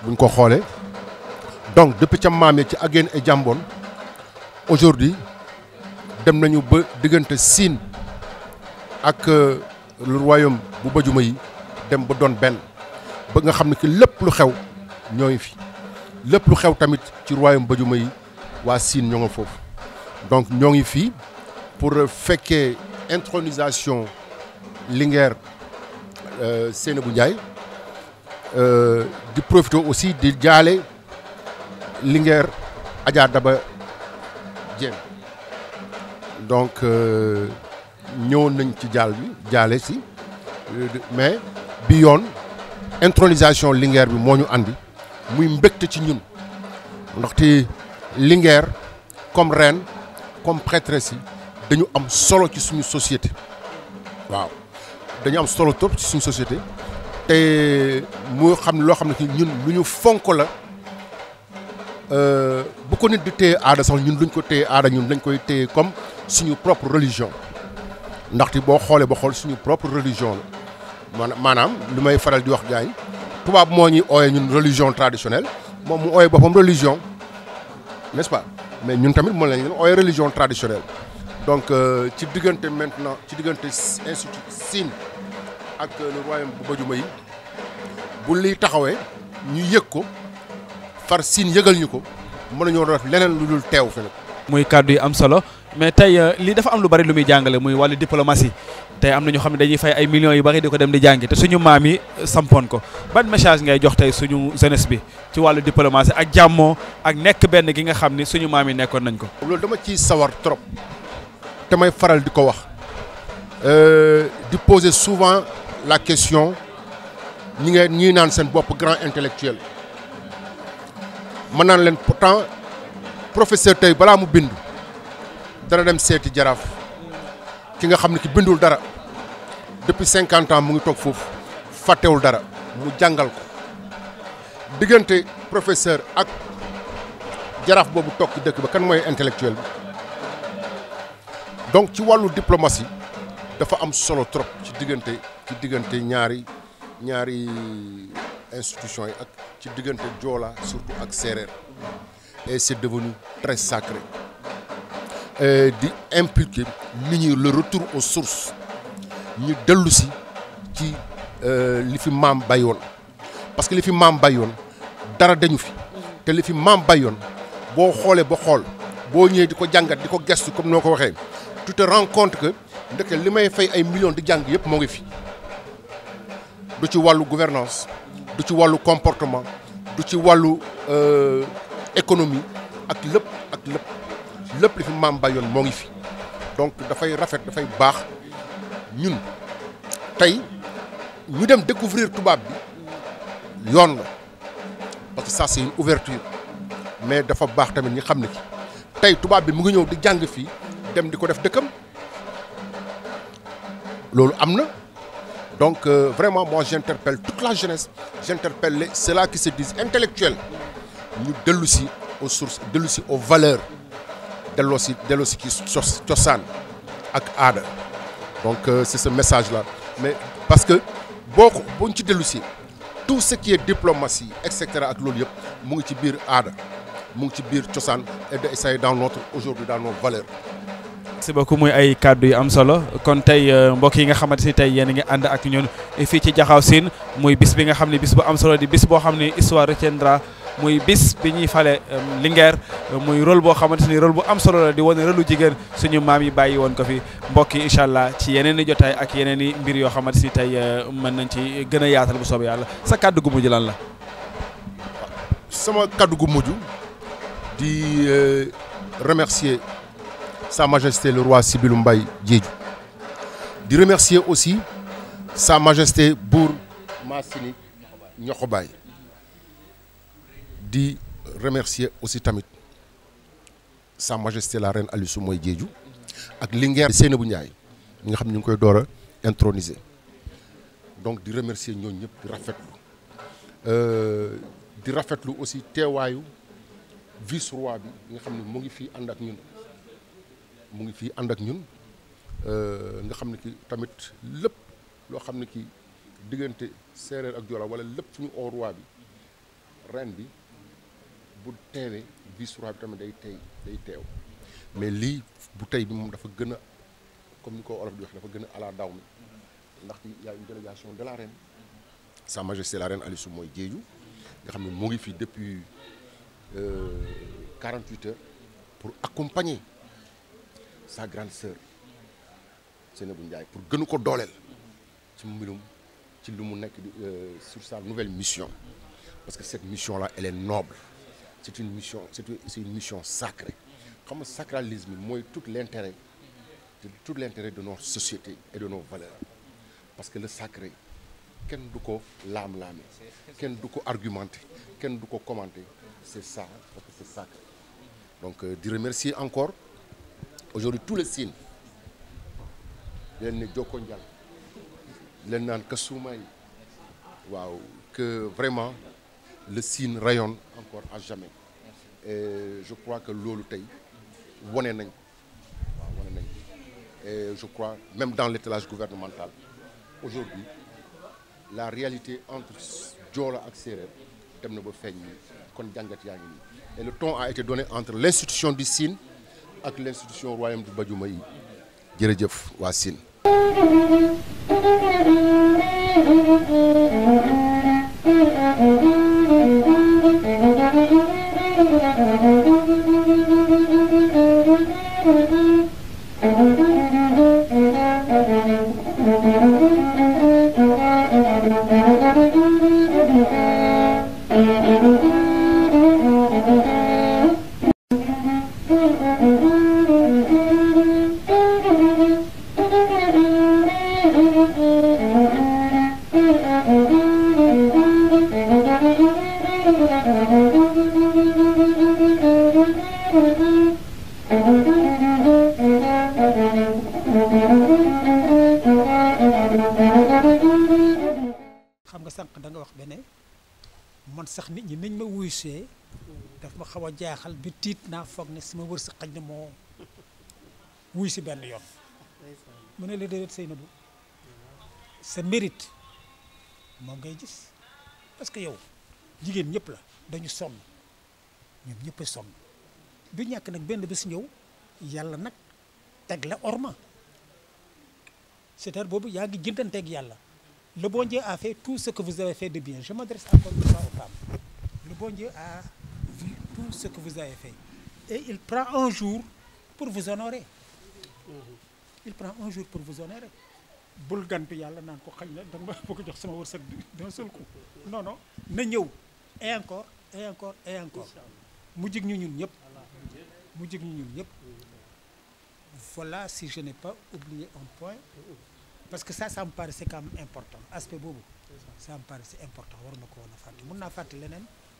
buñ ko xoolee donc depuis ca maam ya ci Aguène et Diambone aujourd'hui dem nañu ba diggante Sine ak euh, le royaume bu Bajuma yi dem ba doon benn ba nga xam ne que lépp lu xew ñooy fi lépp lu xew tamit ci royaume Bajuma yi waa Sine ñoo foofu donc ñoo ngi fii pour fekkee intronisation Linguère euh, Seynabou Ndiaye euh, di profité aussi di jaale Linguère Adja Daba Dieng donc euh, ñëwoon nañ ci jaal bi jaale si mais bi yoon intronisation Linguère bi moo ñu andi muy mbégte ci ñun ndaxte Linguère comme reine comme prêtresse yi dañu am solo ci suñu société waaw dañu am solo trop ci suñu société te mu xam loo xam ne ñun lu ñu fonk la euh, bu ko nit di téye aada sax ñun duñ ko téye aada ñun dañ koy téye comme suñu propre religion ndaxte boo xoolee ba xool suñu propre religion la maanaam lu may faral di wax gars yi tubaab moo ñuy ooyee ñun religion traditionnelle moom mu ooyee boppam religion n'est-ce pas mais ñun tamit moo la ñu ooy religion traditionnelle donc euh, ci diggante maintenant ci diggante institut Sine ak euh, le royaume bu Bajuma yi bu liy taxawee ñu yëg ko far Sine yëgal ñu ko mën nañoo def leneen lu dul teew fi nag muy kàddu yi am solo mais tey euh, lii dafa am lu bari lu muy jàngale muy wàllu diplomatie tey am na ñoo xam ne dañuy fay ay millions yu bari di ko dem di jàngi te suñu maam yi sampoon ko ban message ngay jox tey suñu jeunesse bi ci wàllu diplomatie ak jàmmoo ak nekk benn gi nga xam ni suñu maam yi nekkoon nañ ko. loolu dama ciy sawar trop te may faral di ko wax euh, di poser souvent la question ñi nga ñuy naan seen bopp grand intellectuel mën naan leen pourtant professeur tey balaa mu bind dana dem seeti jaraaf. ki nga xam ne ki bindul dara depuis cinquante ans mu ngi toog foofu fàttewul dara mu jàngal ko diggante professeur ak jaraaf boobu toog ci dëkk ba kan mooy intellectuel bi donc ci wàllu diplomatie dafa am solo trop ci diggante ci diggante ñaari ñaari institution yi ak ci diggante joola surtout ak séeréer et c'est devenu très sacré Euh, di impliquer ni ñi le retour aux sources ñu dellu si ci euh, li fi maam bayoon parce que li fi maam bayoon dara dañu fi te li fi maam bayoon boo xoolee ba xool boo ñëwee di ko jàngat di ko gestu comme noo ko waxee tu te rends compte que ndeke li may fay ay millions di jàng yëpp moo ngi fi du ci wàllu gouvernance du ci wàllu comportement du ci wàllu euh, économie ak lépp ak lépp lépp li fi maam yoon moo ngi fi donc dafay rafet dafay baax ñun tey ñu dem découvrir tubaab bi yoon la parce que ça c'est une mais dafa baax tamit ñi xam ne ci tey tubaab bi mu ngi ñëw di jàng fii dem di ko def dëkkam loolu am na donc euh, vraiment moi j'interpelle toute la jeunesse j'interpelle ceux-là qui se disent ñu dellu si aux source dellu si au valeur delloo si delloo si ci cosaan ak aada donc euh, c'est ce message là mais parce que boo ko boo ñu ci dellu si tout ce qui est diplomatie et cetera ak loolu yëpp mu ngi ci biir aada mu ngi ci biir cosaan et de essayer dans notre aujourd'hui dans nos valeurs. merci beaucoup muy ay kàddu yu am solo kon tey euh, mbokk yi nga xamante si tey yéen a ngi ànd ak ñun fii ci Jaxaaw Siin muy bis bi nga xam ne bis bu am solo di bis boo xam ne histoire retiendra. muy bis bi ñuy fale euh, Linguère euh, muy rôle boo xamante ni rôle bu am solo la di wane rôle jigéen suñu maam yi bàyyi woon ko fi mbokk yi incha allah ci yeneen i jotaay ak yeneen i mbir yoo xamante ni tey euh, mën nañ ci gën a yaatal bu soobee yàlla sa kàddu gu mujj lan la. sama kàddu gu mujj di remercier Sa Majesté le roi Sibilou Mbaye Diédhiou di remercier aussi Sa Majesté Bour Massini Niokhobaye di remercier aussi tamit sa majesté la ren Aliou mooy Diédhiou ak Linguère Seynabou Ndiaye ñi nga xam ne ñu ngi koy doora a introniser donc di remercier ñooñ ñëpp di rafetlu euh, di rafetlu aussi teewaayu vice roi bi nga xam ne mu ngi fii ànd ak ñun mu ngi fii ànd ak ñun euh, nga xam ne ki tamit lépp loo xam ne ki diggante séeréer ak jola wala lépp suñu au roi bi ren bi pour teewee vice bi tamit day tey day teew mais lii bu tey bi moom dafa gën a comme ni ko olof dafa gën a ala daw mi ndax y a une de la reine sa majesté la reine Aliou mooy Diédhiou nga xam ne moo ngi fii depuis 48 euh, heures pour accompagner sa grande sœur Seynabou Ndiaye pour gën ko dooleel ci mbirum ci lu mu nekk euh, sur sa nouvelle mission parce que cette mission la elle est noble c'est une mission c'est une mission sacrée xam nga sacralisme mooy tout l'intérêt tout l'intérêt de notre société et de nos valeurs parce que le sacré kenn du ko laam-laame kenn du ko argumenté kenn du ko commenté c'est ça parce que c'est sacré donc euh, di remercier encore aujourd'hui tous les Sine leen ne jokko njal leen naan que waaw que vraiment le Sine rayon encore à jamais et je crois que loolu tey wane nañ waaw wane nañ ko je crois même dans l'étalage gouvernemental aujourd'hui la réalité entre Joola ak Séeréer dem na ba feeñ nii kon jàngat yaa ngi nii et le ton a été donné entre l'institution du Sine ak l'institution royaume du Badiouma yi jërëjëf waa Sine jaaxal bi tiit naa foog ne sama wërsëg xaj na moo wuy si benn yoon mu ne la déedéet Seynabou sa mérite moom ngay gis parce que yow jigéen ñëpp la dañu sonn ñoom ñëpp a sonn du ñàkk nag benn bés ñëw yàlla nag teg la orma c'est-à-dire boobu yaa ngi jëndanteeg yàlla le bon Dieu a fait tout ce que vous avez de bien je m'adresse encore une fois aux femmes le bon Dieu a tout ce que vous avez fait. Et il prend un jour pour vous honorer. il prend un jour pour vous honorer. bul gantu yàlla naan ko xañ la danga ma bëgg jox sama wërsëg d'un seul coup na ñëw et encore et encore et encore mu jig ñu ñun ñu ñun ñëpp voilà si je n'ai pas oublié un point parce que ça ça me paraissait quand même important aspect boobu ça me paraissait important war ma ko woon a fàtte leneen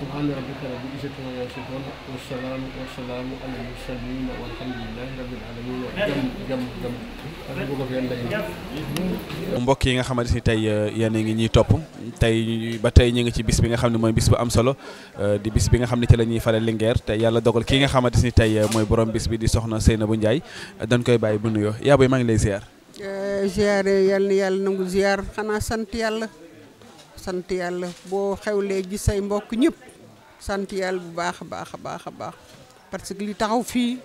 subhaana rabbika mbokk yi nga xamante ni tey euh, yéen a ngi ñuy topp tey ba tey ñu ngi ci bis bi nga xam ne mooy bis bu am solo euh, di bis bi nga xam ne ci la ñuy faral Linguère te yàlla dogal kii nga xamante ni tey euh, mooy borom bis bi di soxna bu njaay dañ koy bàyyi bu nuyoo yaa booy maa ngi lay ziar. ziar yàlla nangu ziar xanaa sant yàlla. sant yàlla boo xewlee ji say mbokk ñëpp sant yàlla bu baax a baax a baax a baax parce que li taxaw fii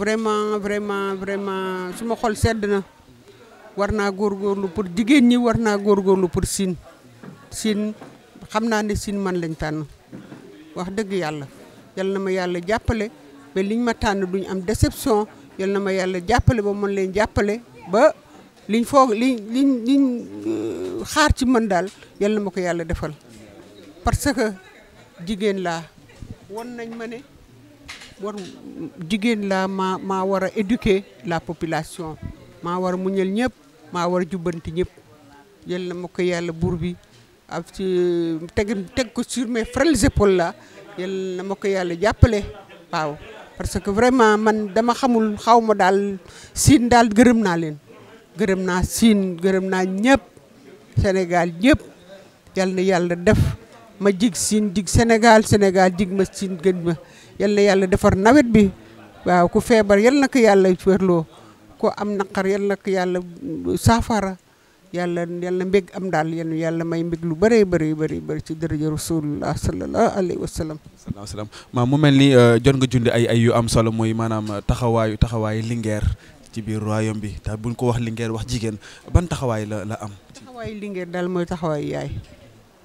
vraiment vraiment vraiment su ma xol sedd na war naa góor góorlu pour jigéen ñi war naa góor góorlu pour Sine Sine xam naa ne Sine man lañ tànn wax dëgg yàlla yal na ma yàlla jàppale ba liñ ma tànn duñ am déception yal na ma yàlla jàppale ba mën leen jàppale ba. liñ foog liñ liñ liñ euh, xaar ci man daal yal na ko yàlla defal parce que jigéen laa won nañ ma ne war jigéen laa maa maa war a éduquer la population maa war a muñal ñëpp maa war a jubbanti ñëpp yal na ma ko yàlla buur bi ak ci teg teg ko sur mes frêles épaules la yal na ko yàlla jàppale waaw parce que vraiment man dama xamul xaw ma daal siin daal gërëm naa leen gërëm naa siin gërëm naa ñëpp Sénégal ñëpp yal na yàlla def ma jig siin jig senegal senegal jig ma siin gën ma yal na yàlla defar nawet bi waaw ku feebar yal na ko yàlla wérloo ko am naqar yal na ko yàlla saafara yàlla yàlla mbég am daal yéen yàlla may mbég lu bëree bëri bëri bëri ci dërëjë rasulullah sallallahu alayhi wa sallam salaam maam mu mel ni euh, jot nga junde ay ay yu am solo mooy maanaam taxawaayu taxawaayu Linguère ci biir royaume bi te buñ ko wax Linguère wax jigéen ban taxawaay la la am. taxawaayu Linguère daal mooy taxawaayu yaay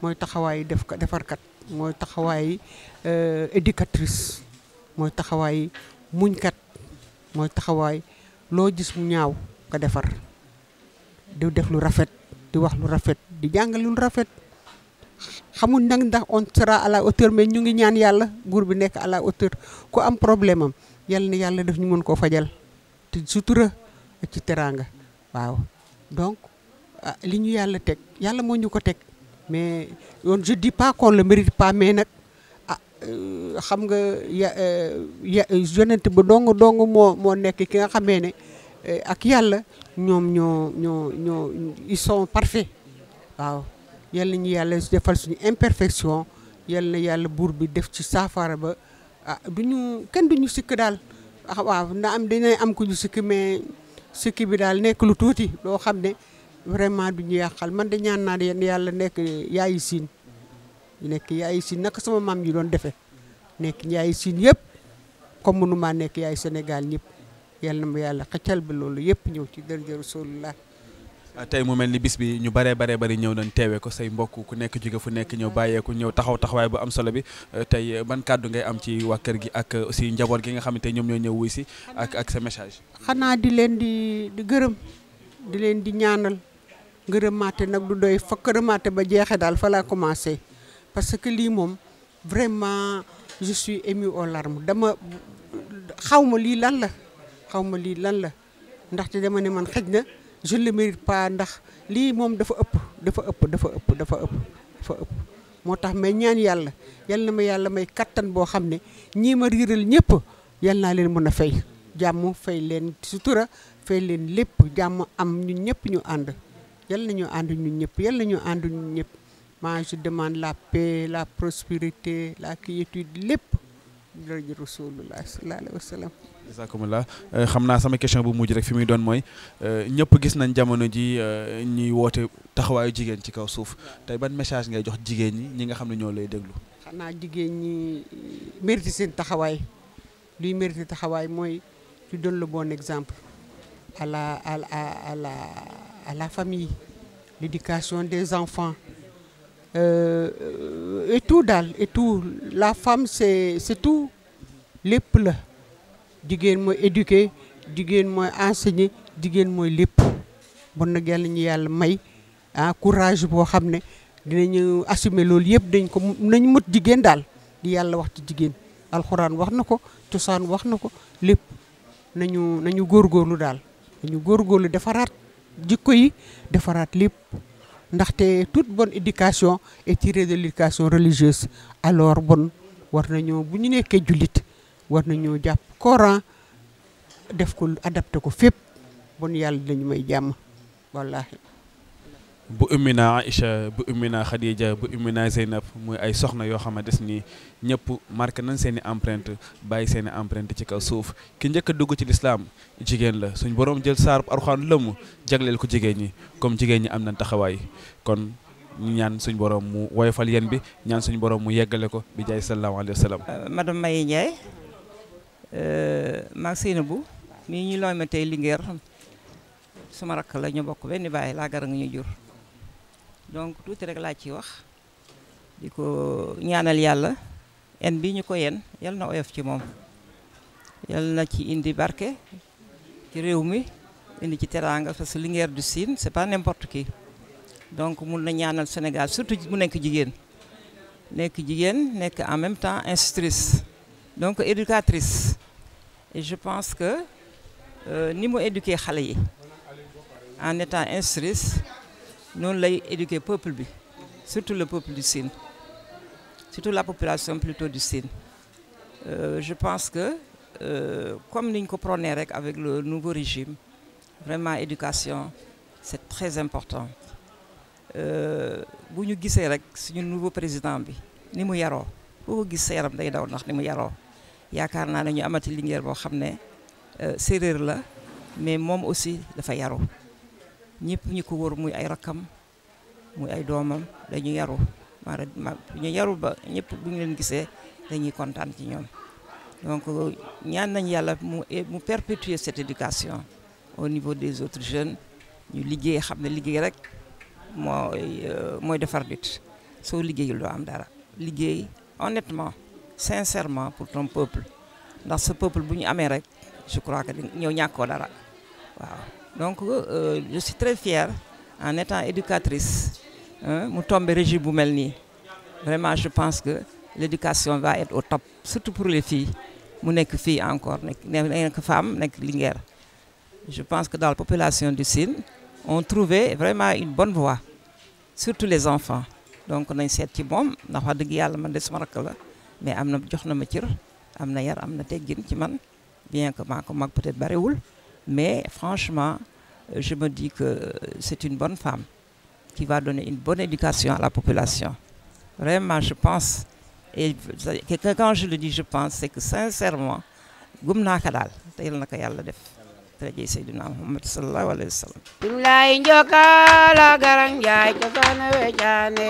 mooy taxawaay def defarkat mooy taxawaayu euh, éducatrice mooy taxawaay muñkat mooy taxawaay loo gis mu ñaaw ko defar di def lu rafet di wax lu rafet di jàngal lu rafet. xamul nag ndax on sera à la hauteur mais ñu ngi ñaan yàlla nguur bi nekk à la ku am problème am yal na yàlla def ñu mën koo fajal ci sutura ci teraanga waaw donc ah, li ñu yàlla teg yàlla moo ñu ko teg mais yoon je dis pas qu'on le mérite pas mais nag ah euh, xam nga ya euh, ya ba dong dong moo moo nekk ki nga xamee ne eh, ak yàlla ñoom ñoo ñoo ñoo ils sont parfaits waaw yal ñu yàlla defal suñu imperfection yal na yàlla buur bi def ci saafara ba ah, du ñu kenn du ñu sikk daal ah waaw na am dina am ku ñu sikki mais sikki bi daal nekk lu tuuti loo xam ne vraiment du ñu yàqal man de ñaan naa yenn yàlla nekk yaayu siin nekk yaayu siin naka sama maam yi doon defee nekk yaayu siin yëpp comme mënu maa nekk yaayu Sénégal ñëpp yal na ma yàlla xëccal ba loolu yëpp ñëw ci dërëjëru Rasulullah Euh, tey mu mel ni bis bi ñu baree baree bari ñëw nañ teewee ko say mbokk ku nekk jóge fu nekk ñëw bàyyeeku ñëw taxaw taxawaay bu am solo bi euh, tey euh, ban kàddu ngay am ci waa kër gi ak aussi njaboot gi nga xam ne tey ñoom ñoo ñëw wuy si ak ak sa message. xanaa di leen di di gërëm di leen di ñaanal gërëmaate nag du doy fa gërëmaate ba jeexee daal fa laa commencé parce que lii moom vraiment je suis ému aux dama xaw ma lii lan la xaw ma lii lan la ndaxte dama ne man xëj na. je ne le pas ndax lii moom dafa ëpp dafa ëpp dafa ëpp dafa ëpp dafa moo tax may ñaan yàlla yal na ma yàlla may kattan boo xam ne ñii ma riiral ñëpp yal naa leen mën a fay jàmm fay leen sutura fay leen lépp jàmm am ñun ñëpp ñu ànd yal na ñu ànd ñun ñëpp yal na ñu ànd ñun ñëpp maa je demande la paix la prospérité la quiétude lépp jërëjëf rasulullah sallallahu alayhi wa sallam jazakumullah euh, xam naa sama question bu mujj rek fi muy doon mooy euh, ñëpp gis nañ jamono ji euh, ñuy woote taxawaayu jigéen ci kaw suuf tey ban message ngay jox jigéen ñi ñi nga xam ne ñoo lay déglu. xam naa jigéen ñi mérite seen taxawaay luy mérite taxawaay mooy tu donnes le bon exemple à la à la à la à la famille l'éducation des enfants. Euh, et tout daal et la femme c'est tout lépp la jigéen mooy éduquer jigéen mooy enseigner jigéen mooy lépp bon nag yàlla ñu yàlla may ah courage boo xam ne dinañu assumer loolu yëpp dañ ko nañu mët jigéen daal di yàlla wax ci jigéen alxuraan wax na ko cosaan wax na ko lépp nañu nañu góorgóorlu daal nañu góorgóorlu defaraat jikko yi defaraat lépp ndaxte tout bon éducation est tirée de l'éducation religieuse alors bon war nañoo bu ñu nekkee julit war nañoo jàpp Coran def ko adapté ko fépp bon yàlla dañu may jàmm wallaahi. bu Ummina Aïcha bu Ummina Khadija bu na Zeynab muy ay soxna yoo xamante ni ñëpp marqué nañ seen i empreinte bàyyi seen i empreinte ci kaw suuf ki njëkk dugg ci lislaam jigéen la suñ borom jël saarub Alxuraan lëmm jagleel ko jigéen ñi comme jigéen ñi am na taxawaay kon ñu ñaan suñ borom mu woyofal yéen bi ñaan suñ borom mu yeggale ko bi jaay sallallahu alayhi wa sallam. Euh, madame Maye Ndiaye. Eh, maag bu mii ñuy looy tey Linguère suma rakk la ñu bokk benn bàyyi laa gara nga ñu jur donc tuuti rek laa ciy wax di ko ñaanal yàlla en bi ñu ko yenn yal na oyof ci moom yal na ci indi barke ci réew mi indi ci teraanga parce que Linguère du Sine c'est pas n'importe qui donc mun na ñaanal Sénégal surtout mu nekk jigéen nekk jigéen nekk en même temps institutrice donc éducatrice et je pense que euh, ni mu éduquer xale yi en étant instructrice noonu lay éduquer peuple bi surtout le peuple du Sine surtout la population plutôt du Sine euh, je pense que euh, comme ni ñu ko prôné rek avec le nouveau régime vraiment éducation c'est très important euh, bu ñu gisee rek suñu nouveau président bi ni mu yaroo ku gis sa yaram day daw ndax ni mu yaroo yaakaar naa ne ñu amati lingeer boo xam ne euh, séeréer la mais moom aussi dafa yaru ñëpp ñi ko wër muy ay rakkam muy ay doomam dañu yaru maanaam ñu yaru ba ñëpp bu ñu leen gisee dañuy kontaan ci ñoom donc ñaan nañ yàlla mu mu perpétuer cette éducation au niveau des autres jeunes ñu liggéey xam ne liggéey rek mooy euh, mooy defar nit soo liggéeyul doo am dara liggéey honnêtement sincèrement pour ton peuple ndax sa peuple bu ñu amee rek je crois que ñëw ñàkkoo dara waaw donc euh, euh, je suis très fière en étant éducatrice mu tombe régime bu mel nii vraiment je pense que l'éducation va et au top surtout pour les filles mu nekk fii encore nekk nekk femme nekk Linguère je pense que dans la population du Sine on trouvait vraiment une bonne voie surtout les enfants donc nañ seet ci moom ndax wax dëgg yàlla man de sama rakk la mais am na jox na ma cër am na yar am na teggin ci man bien que maa ko mag peut-être bariwul mais franchement euh, je me di que euh, c'est une bonne femme qui va donner une bonne éducation à la population vraiment je pense et quand je le di je pense c'est que sincèrement gëm naa daal te yal na ko yàlla def darajey Seydina Muhammad sallallahu alayhi wa sallam tim la garang jaay cosaan wecaane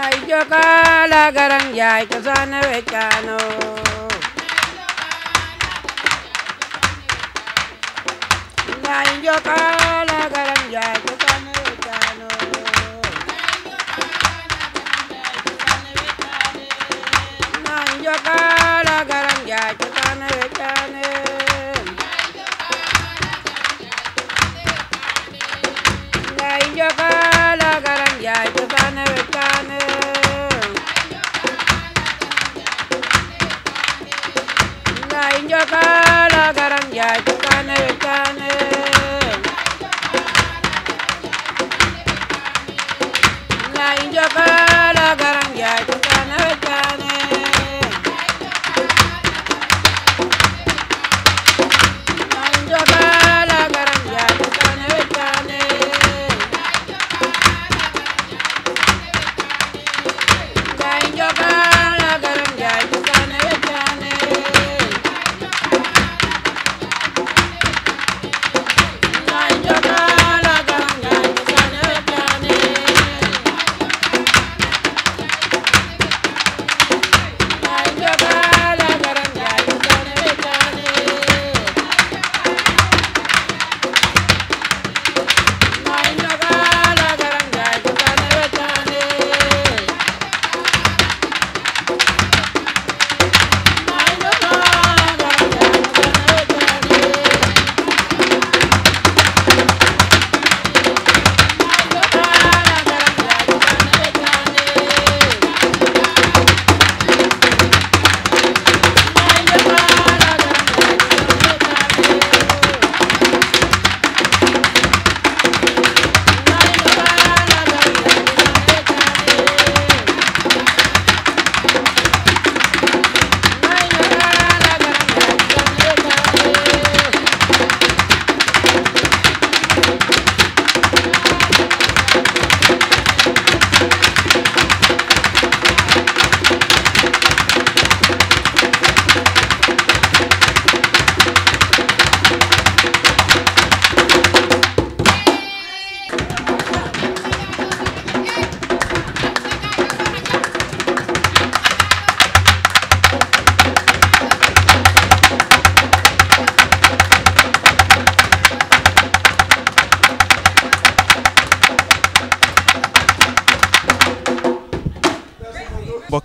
yaay jokala garan yaay cosaan weccano Njaay njoka la garan Njaay tukane wetane Njaay njoka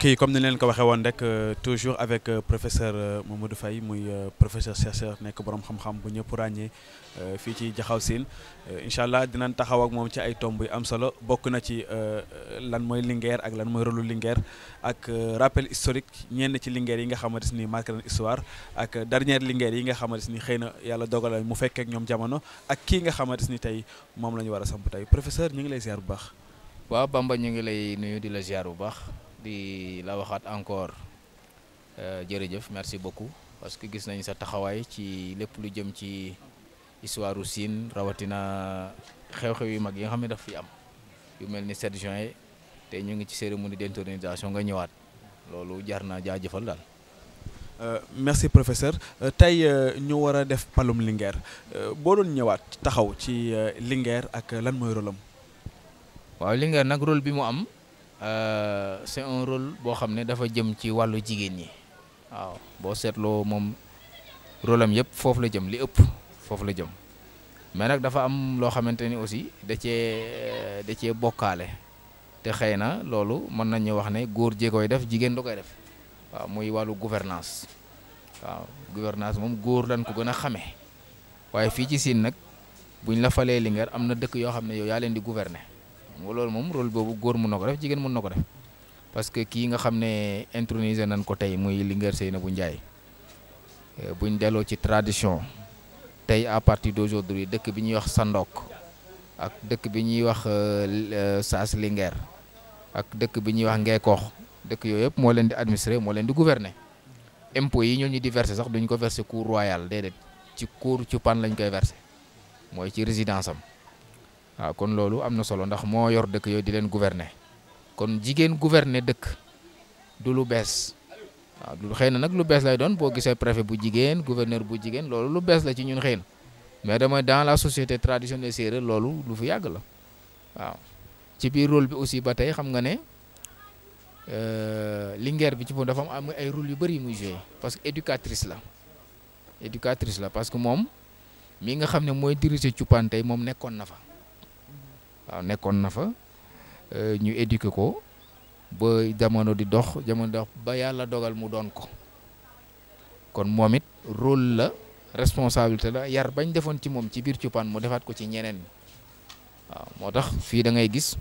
mbokk yi comme ni leen ko waxee woon rek euh, toujours avec euh, professeur euh, Mamadou fay muy professeur chercheur nekk boroom xam-xam bu ñëpp ràññee fii ci Jaxaw Siin incha allah dinañ taxaw ak moom ci ay tomb yu am solo bokk na ci lan mooy Linguère ak lan mooy rôlu Linguère ak rappel historique ñenn ci Linguère yi nga xamante ni marqué na histoire ak dernière Linguère yi nga xamante ni xëy na yàlla dogal mu fekkeek ñoom jamono ak kii nga xamante ni tey moom la ñu war a samp tey professeur ñu ngi lay ziar bu baax. waaw ñu ngi lay nuyu di la ziar bu baax. di la waxaat encore euh, jërëjëf merci beaucoup parce que gis nañ sa taxawaay ci lépp lu jëm ci histoire u rawatina xew-xew yu mag yi nga xam ne daf fi am yu mel ni 7 juin te ñu ngi ci cérémonie d'intronisation nga ñëwaat loolu jar naa jaajëfal daal. Euh, merci professeur euh, tey ñu war a def palum Linguère boo doon ñëwaat taxaw ci Linguère ak lan mooy rôle waaw Linguère nag rôle bi mu am. Euh, c'est un rôle boo xam ne dafa jëm ci wàllu jigéen ñi waaw boo seetloo moom rôle am yëpp foofu la jëm li ëpp foofu la jëm mais nag dafa am loo xamante ni aussi da cee da cee bokkaale te xëy na loolu mën nañu wax ne góor jee koy def jigéen du koy def waaw muy wàllu gouvernance waaw gouvernance moom góor lañ ko gën a xamee waaye fii ci Sine nag buñ la falee Linguère am na dëkk yoo xam ne yow yaa leen di gouverner. loolu moom role boobu góor mun na ko def jigéen mun na ko def parce que kii nga xam ne introniser nañ ko tey muy Linguère Seynabou Ndiaye euh, buñ delloo ci tradition tey à partir d'aujourd'hui dëkk bi ñuy wax Sandok ak dëkk bi ñuy wax euh, euh, sas Linguère ak dëkk bi ñuy wax Ngeekoox dëkk yooyu yëpp moo leen di administrer moo leen di gouverner impôts yi ñoo ñu di verser sax duñ ko verser cour royale déedéet ci cour ci pan lañ koy verser mooy ci résidence am. waaw kon loolu am na solo ndax moo yor dëkk yooyu di leen gouverner kon jigéen gouverner dëkk du lu bees waaw du xëy na nag lu bees lay doon boo gisee préfet bu jigéen gouverneur bu jigéen loolu lu bees la ci ñun xëy mais dama dans la société traditionnelle séeréer loolu lu fi yàgg la waaw ci biir rôle bi aussi ba tey xam nga ne euh, lingeer bi ci moom dafa am ay rôle yu bëri muy joué parce que éducatrice la éducatrice la parce que moom mi nga xam ne mooy diriger cuppante moom nekkoon na fa. waaw nekkoon na fa euh, ñu éduquer ko ba jamono di dox jamono dox ba yàlla dogal mu doon ko kon moom it rôle la responsabilité la yar bañ defoon ci moom ci biir cuppaan mu defaat ko ci ñeneen waaw moo tax fii da ngay gis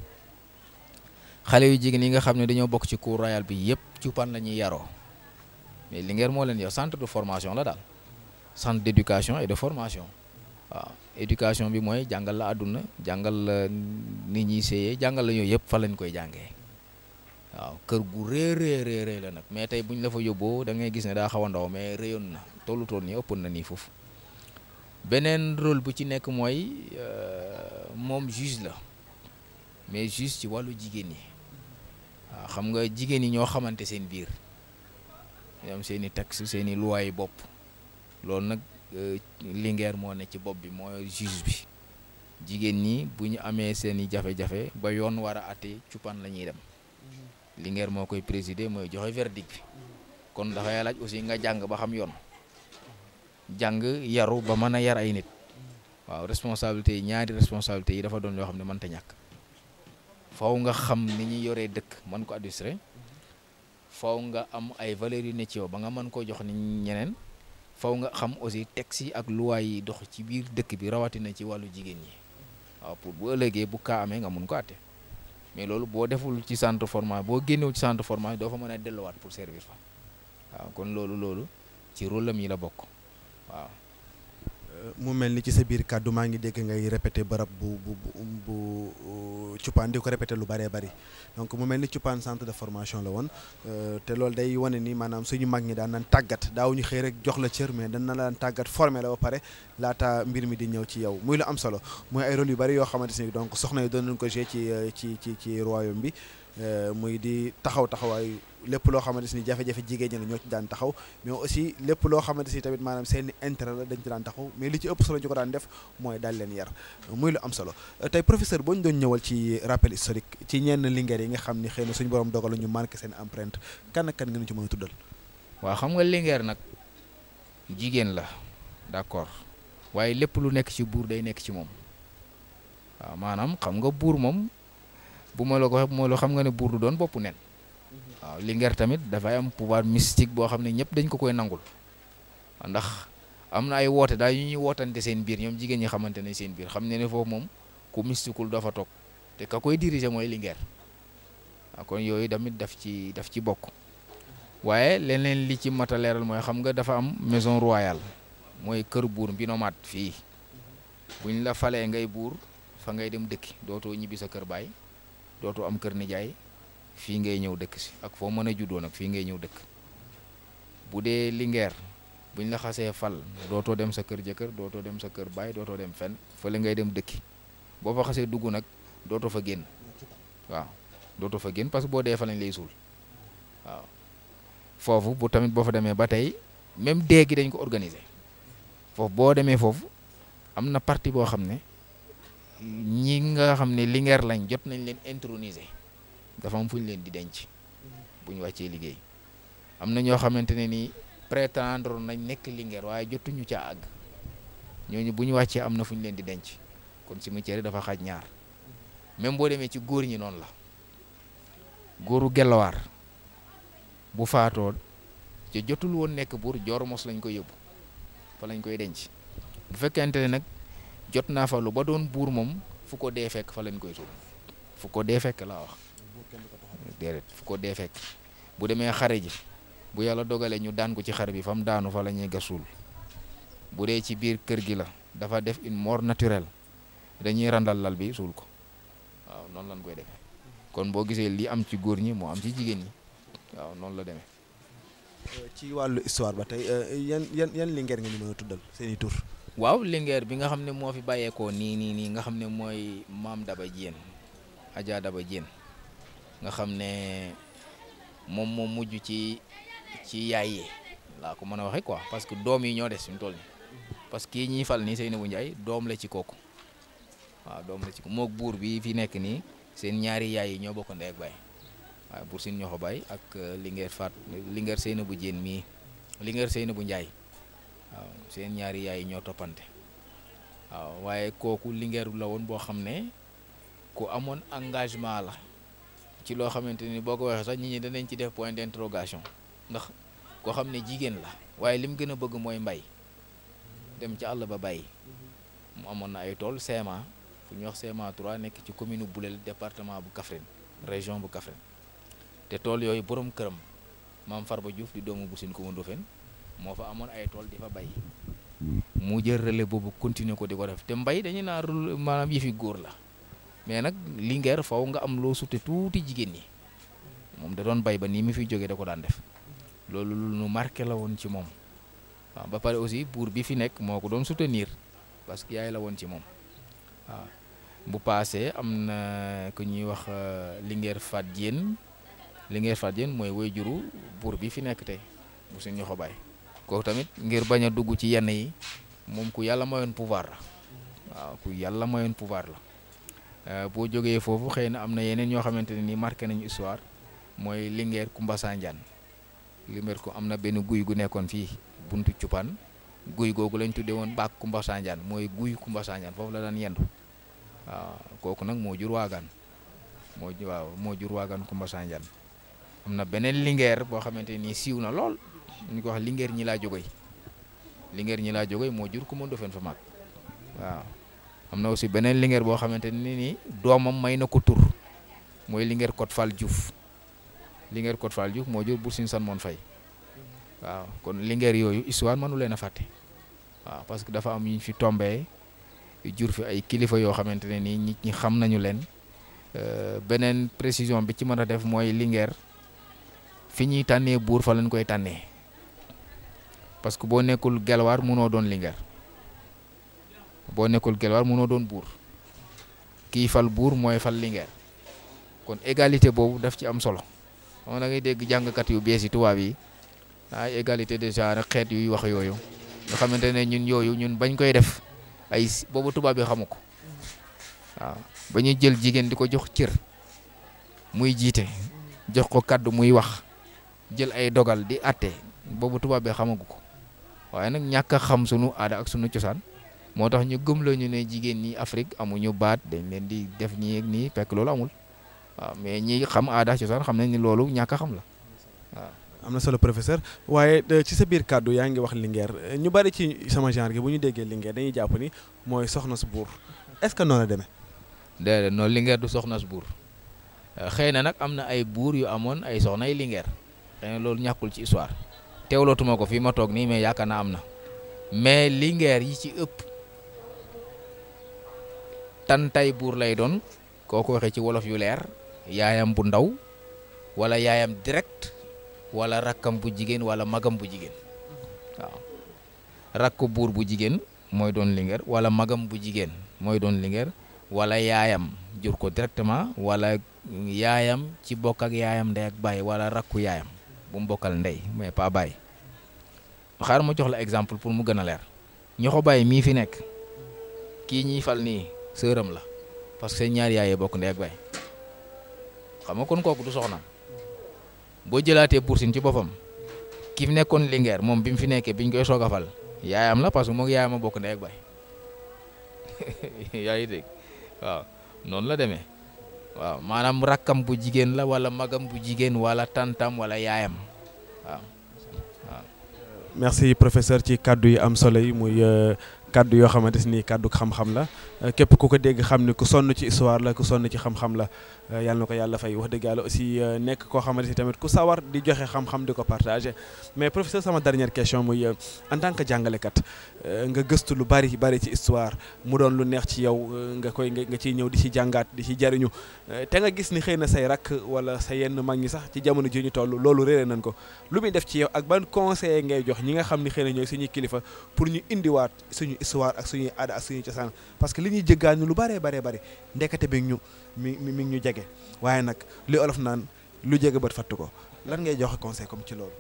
xale yu jigéen yi nga xam ne dañoo bokk ci cour royal bi yëpp cupan la ñuy yaroo mais Linguère moo leen yor centre de formation la daal centre d'éducation et de formation waaw éducation bi mooy jàngal la àdduna jàngal la nit ñi séyee jàngal la yooyu yëpp fa lañ koy jànge waaw kër gu rëy rëy la nag mais tey bu ñu la fa yóbboo da ngay gis ne daa xaw a ndaw mais rëyoon na tollu toll nii ëppoon na nii foofu beneen rôle bu ci nekk mooy euh, moom juge la mais juge ci wàllu jigéen ñi waaw xam nga jigéen ñi ñoo xamante seen biir ñoom seen i taxe seen i luwaay bopp loolu nag. Euh, Linguère moo ne ci bopp bi mooy juge bi jigéen ñi bu ñu amee seen i jafe-jafe ba yoon war a àtte cuppan la ñuy dem mhm. Linguère moo koy présider mooy joxe verdict bi kon dafay laaj aussi nga jàng ba xam yoon jàng yaru ba mën a yar ay nit waaw responsabilité yi ñaari responsabilité yi dafa doon yoo xam ne mënta ñàkk faw nga xam ni ñuy yore dëkk mën ko administrer mhm. faw nga am ay valeurs yu ne ci yow ba nga mën koo jox ni ñeneen faw nga xam aussi texte yi ak loi yi dox ci biir dëkk bi rawatina ci wàllu jigéen ñi waaw pour bu ëllëgee bu kaa amee nga mun ko àtte mais loolu boo deful ci centre formation boo génnew ci centre formation doo fa mën a delluwaat pour servir fa waaw kon loolu loolu ci rôle am yi la bokk waaw mu mel ni ci sa biir kàddu maa ngi dégg ngay répété barab bu bu bu uh, Cuppaan di ko répété lu bëree bari donc mu mel ni Cuppaan centre de formation la woon euh, te loolu day wane ni maanaam suñu mag ñi daan naan tàggat daawuñu xëy rek jox la cër mais dana la tàggat formé la ba pare laata mbir mi di ñëw ci yow muy la am solo mooy ay rôle yu bëri yoo xamante ni donc soxna yi doon nañu ko joué ci euh, ci ci ci royaume bi euh, muy di taxaw taxawaay lépp loo xamante si ni jafe-jafe jigéen ñi la ñoo ci daan taxaw mais aussi lépp loo xamante si tamit maanaam seen i intérêt la dañ ci daan taxaw mais li ci ëpp solo ñu ko daan def mooy daal leen yar muy lu am solo tey professeur boo ñu doon ñëwal ci rappel historique ci ñenn lingeer yi nga xam ni xëy na suñu borom dogal ñu marqué seen empreinte kan ak kan nga ñu ci mën a xam nga lingeer nag jigéen la d'accord waaye lépp lu nekk ci buur day nekk ci moom maanaam xam nga buur moom bu ma moo xam nga ne buur du doon bopp nen waaw tamit dafay am pouvoir mystique boo xam ne ñëpp dañ ko koy nangul ndax am na ay woote daal yu ñuy wootante seen biir ñoom jigéen ñi xamante nañ seen biir xam ne ne foofu moom ku mystikul dafa toog te ka koy diriger mooy Linguère kon yooyu tamit daf ci daf ci bokk waaye leneen li ci mat a leeral mooy xam nga dafa am maison royal mooy kër buur bi nomade fii buñ la falee ngay buur fa ngay dem dëkki dootoo ñibbi sa kër baay dootoo am kër nijaay fii ngay ñëw dëkk si ak foo mën a juddoo nag fii ngay ñëw dëkk bu dee Linguère buñ la xasee fal dootoo dem sa kër jëkkër dootoo dem sa kër baay dootoo dem fenn fële ngay dem dëkki boo fa xasee dugg nag dootoo fa génn waaw dootoo fa génn parce que boo dee fa lañ lay suul waaw foofu bu tamit boo fa demee ba tey même déegi dañ ko organiser foofu boo demee foofu am na partie boo xam ne ñi nga xam ne Linguère lañ jot nañ leen introniser dafa am fu ñu leen di denc bu ñu wàccee liggéey am na ñoo xamante ne nii prétendre nañ nekk Linguère waaye jotuñu caa àgg ñooñu bu ñu wàccee am na fu ñu leen di denc kon cimetière yi dafa xaj ñaar même boo demee ci góor ñi noonu la góoru Gelawaar bu faatoo ca jotul woon nekk buur joor mos lañ koy yóbbu fa lañ koy denc bu fekkente ne nag jot naa fa lu ba doon buur moom fu ko dee fekk fa lañ koy suul fu ko dee fekk laa wax. fu ko dee fekk bu demee xare ji bu yàlla dogalee ñu daan ko ci xare bi fam daanu fa la ñuy gasul bu dee ci biir kër gi la dafa def une mort naturelle dañuy randal lal bi suul ko waaw noonu lañ koy defee kon boo gisee li am ci góor ñi moo am ci jigéen ñi waaw noonu la demee. ci wàllu histoire ba tey euh, yan yan yan lingeer nga ñu mën tuddal seen tur. waaw lingeer bi nga xam ne moo fi bàyyeekoo nii nii nga xam ne mooy maam Daba Diène Adja Daba Diène nga xam ne moom moo mujj ci ci yaay yi laa ko mën a waxee quoi parce que doom yi ñoo de suñ tool nii parce que yi ñuy fal nii Seynabou Ndiaye doom la ci kooku waaw doom la ci ko moog buur bii fi nekk nii seen ñaari yaay yi ñoo bokk ndey ak baay waaw buur sin ñoo baay ak euh, Linguère Fat Linguère Seynabou Diène mii Linguère Seynabou Ndiaye waaw seen ñaari yaay yi ñoo toppante waaw waaye kooku Linguère la woon boo xam ne ku amoon engagement la. ci loo xamante ni boo ko waxee sax nit ñi danañ ci def point d'interrogation ndax koo xam ne jigéen la waaye li mu gën a bëgg mooy mbay dem ci àll ba bàyyi mu amoon na ay tool CMA fu ñuy wax CMA 3 nekk ci commune Boulel département bu Kaffrine région bu Kaffrine te tool yooyu borom këram maam far ba Diouf di doomu bu Bussine Coumba Ndoffène moo fa amoon ay tool di fa bay mu jël relais boobu continuer ko di ko def te mbay dañuy naa maanaam yëfi góor la mais nag Linguère faw nga am loo sute tuuti jigéen ñi moom da doon bay ba nii mu fi jógee da ko daan def loolu lu nu marqué la woon ci moom ba pare aussi buur bi fi nekk moo ko doon soutenir parce que yaay la woon ci moom bu paasee am na ku ñuy wax euh, Linguère Fat Diène Linguère Fat Diène mooy woy juru buur bi fi nekk te bu suñ ñoxo baay kooku tamit ngir bañ a dugg ci yenn yi moom ku yàlla mayoon pouvoir la waaw ku yàlla mayoon pouvoir la Euh, boo jógee foofu xëy na am na yeneen ñoo xamante ne nii marqué nañu histoire mooy Linguère Kumba Sanjaan Linguère ko am na benn guy gu nekkoon fii buntu Cupaan guy googu lañ tuddee woon baak Kumba Sanjaan mooy guy Kumba foofu la daan yendu waaw kooku nag moo jur waagaan moo waaw moo jur waagaan Kumba Sanjaan am na beneen Linguère boo xamante nii siiw na lool ñu ko wax Linguère ñi laa jógoy Linguère ñi laa jógoy moo jur ku ma Ndofeen fa mag waaw am na aussi beneen Linguère boo xamante ni nii doomam may na ko tur mooy Linguère Code Fall Diouf lingeer Code Fall Diouf moo jur Bour Sine San Mon Fay waaw kon Linguère yooyu histoire manu leen a fàtte waaw parce que dafa am ñu fi tombee jur fi ay kilifa yoo xamante ne nii nit ñi xam nañu leen euh, beneen précision bi ci mën a def mooy Linguère fi ñuy tànnee buur fa lañ koy tànnee parce que boo nekkul Gelwaar mënoo doon Linguère boo nekkul Gelwaar mënoo doon buur kii fal buur mooy fal Linguère kon égalité boobu daf ci am solo xam na ngay dégg jàngkat yu bees yi tubaab yi ay égalité de genre xeet yuy wax yooyu nga xamante ne ñun yooyu ñun bañ koy def ay boobu tubaab yi xamu ko waaw jël jigéen di ko jox cër muy jiite jox ko kàddu muy wax jël ay dogal di àtte boobu tubaab bi xamagu ko waaye nag ñàkk a xam sunu aada ak sunu cosaan moo tax ñu gëm la ñu ne jigéen ñi Afrique amuñu baat dañ leen di def ñi ak nii fekk loolu amul waaw mais ñi xam aada cosaan xam nañ ni loolu ñàkk xam la am na solo professeur waaye euh, ci sa biir kàddu yaa ngi wax lingeer ñu bari ci sama genre gi bu ñu déggee lingeer dañuy jàpp ni mooy soxna su buur est-ce que noonu la demee. déedéet noonu lingeer du soxna su buur euh, xëy na nag am na ay buur yu amoon ay soxna ay lingeer xëy loolu ñàkkul ci histoire teewlootuma ko fii ma toog nii mais yaakaar naa am na mais lingeer yi ci ëpp. tantay buur lay doon koo ko waxee ci wolof yu leer yaayam bu ndaw wala yaayam direct walla rakkam bu jigéen wala magam bu jigéen waaw rakk buur bu jigéen mooy doon lingeer wala magam bu jigéen mooy doon lingeer wala yaayam jur ko directement walla yaayam ci bokk ak yaayam ndey ak bàyyi wala rakku yaayam bu mu bokkal ndey mais pas baay xaar ma jox la exemple pour mu gën a leer ñoxo baay mii fi nekk kii ñuy nii sëram la parce que seen ñaari yaayee bokk ndey ak baay xam nga kon kooku du soxna boo jëlaatee Boursin ci boppam ki fi nekkoon Linguère moom bi mu fi nekkee biñ koy soog a fal yaayam la parce que moom yaayam a bokk ndey ak baay (laughs) yaa ngi dégg waaw noonu la demee waaw maanaam rakkam bu jigéen la wala magam bu jigéen wala tantam wala yaayam waaw waaw. merci professeur ci kàddu yi am solo muy. Euh, kàddu yoo xamante ni kàddu xam-xam la képp ku ko dégg xam ni ku sonn ci histoire la ku sonn ci xam-xam la Euh, yàlla na ko yàlla fay wax dëgg yàlla aussi euh, nekk koo xamante si tamit ku sawar di joxe xam-xam di ko partagé mais professeur sama dernière question muy euh, en tant que jàngalekat nga gëstu lu bari bari ci histoire mu doon lu neex ci yow nga koy nga ciy ñëw di ci jàngaat di ci jariñu te nga gis ni xëy na say rakk wala sa yenn mag ñi sax ci jamono ji ñu toll loolu réere nañ ko lu muy def ci yow ak ban conseil ngay jox ñi nga xam ni xëy na ñooy suñuy kilifa pour ñu indiwaat suñu histoire ak suñuy aada ak suñuy parce que li ñuy jëggaan lu baree baree bare ndekete bi ñu mi mi ngi ñu jege waaye nag li olof naan lu jege bët fattu ko lan ngay joxe conseil comme ci loolu.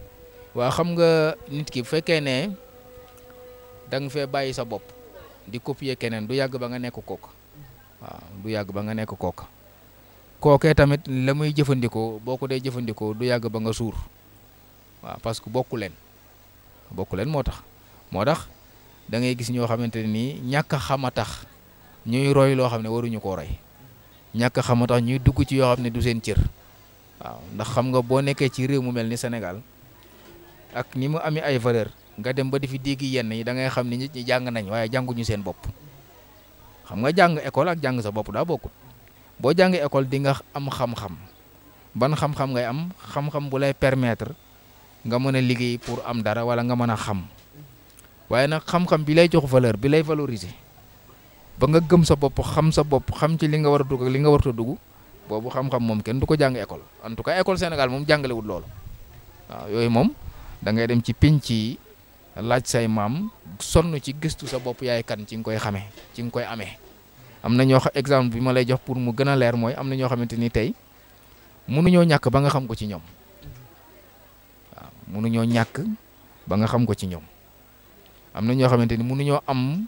waa xam nga nit ki bu fekkee ne da nga fee bàyyi sa bopp di copier keneen du yàgg ba nga nekk kooka waaw du yàgg ba nga nekk kooka kookee tamit la muy jëfandikoo boo ko dee jëfandikoo du yàgg ba nga suur waaw parce que bokku leen bokku leen moo tax moo tax da ngay gis ñoo xamante ne nii ñàkk xam a tax ñuy roy loo xam ne waruñu koo roy. ñàkk xam a tax ñuy dugg ci yoo xam ne du seen cër waaw ndax xam nga boo nekkee ci réew mu mel ni Sénégal ak ni mu amee ay valeur nga dem ba di fi dégg yenn yi da ngay xam ne nit ñi jàng nañ waaye jànguñu seen bopp xam nga jàng école ak jàng sa bopp daa bokkut boo jàngee école di nga am xam-xam ban xam-xam ngay am xam-xam bu lay permettre nga mën a liggéey pour am dara wala nga mën a xam waaye nag xam-xam bi lay jox valeur bi lay valoriser. ba nga gëm sa bopp xam sa bopp xam ci li nga war a dugg ak li nga warut a dugg boobu xam-xam moom kenn du ko jàng école en tout cas école Sénégal moom jàngalewul loolu waaw yooyu moom dangay dem ci pinc ci laaj say maam sonn ci gistu sa bopp yaay kan ci nga koy xamee ci nga koy amee. am na ñoo xam exemple bi ma lay jox pour mu gën a leer mooy am na ñoo xamante ni tey mënuñoo ñàkk ba nga xam ko ci ñoom waaw mënuñoo ñàkk ba xam ko ci ñoom am na ñoo xamante ni mënuñoo am.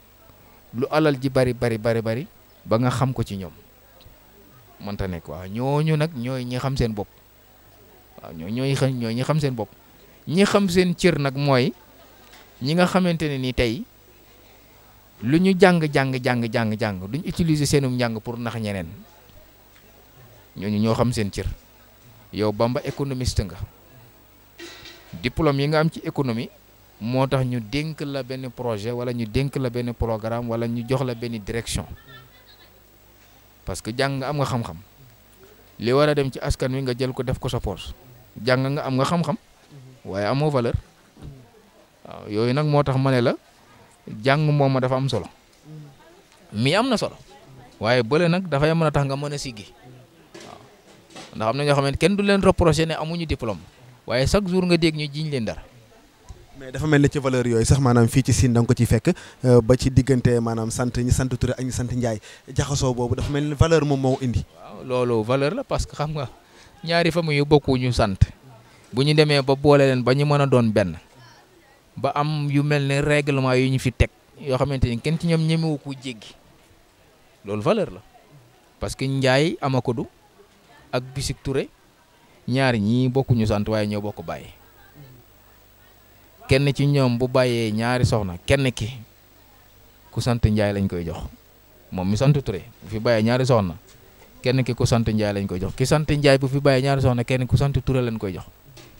lu alal ji bari bari bari bari ba nga xam ko ci ñoom mënta nekk waaw ñu nag ñooy ñi xam seen bopp waaw ñoo ñooy ñi xam seen bopp ñi xam seen cër nag mooy ñi nga xamante ne ni tey lu ñu jàng jàng jàng jàng jàng duñ utiliser seenum njàng pour nax ñeneen ñooñu ñoo xam seen cër yow Bamba économiste nga diplôme yi nga am ci économie. moo tax ñu dénk la benn projet wala ñu dénk la benn programme wala ñu jox la benn direction parce que jàng nga am nga xam-xam li war a dem ci askan wi nga jël ko def ko sa poche jàng nga am nga xam waaye amoo valeur yooyu nag moo tax ma ne la jàng moom dafa am solo mi am na solo waaye bële nag dafay mën a tax nga mën a siggi waaw ndax am na ñoo xam kenn du leen reproché ne amuñu diplôme waaye chaque jour nga dégg ñu jiñ leen dara. mais dafa mel ni ci valeur yooyu sax maanaam fii ci Sine da nga ko ciy fekk euh, ba ci diggante maanaam sant ñi sant Touré ak ñi sant Ndiaye jaxasoo boobu dafa mel ni valeur moom moo indi. waaw loolu valeur la parce que xam nga ñaari famille yu bokku ñu sant bu ñu demee ba boole leen ba ñu mën a doon benn ba am yu mel ne règlement yu ñu fi teg yoo xamante ni kenn ci ñoom ñemewu ko jéggi loolu valeur la parce que Ndiaye Amakodou ak Bisik Touré ñaari ñii bokkuñu sant waaye ñoo bokk bàyyi. kenn ci ñoom bu bàyyee ñaari soxna kenn ki ku sant Njaay lañ koy jox moom mi sant Touré bu fi bàyyee ñaari soxna kenn ki ku sant Njaay lañ koy jox ki sant Njaay bu fi bàyyee ñaari soxna kenn ku sant Touré lañ koy jox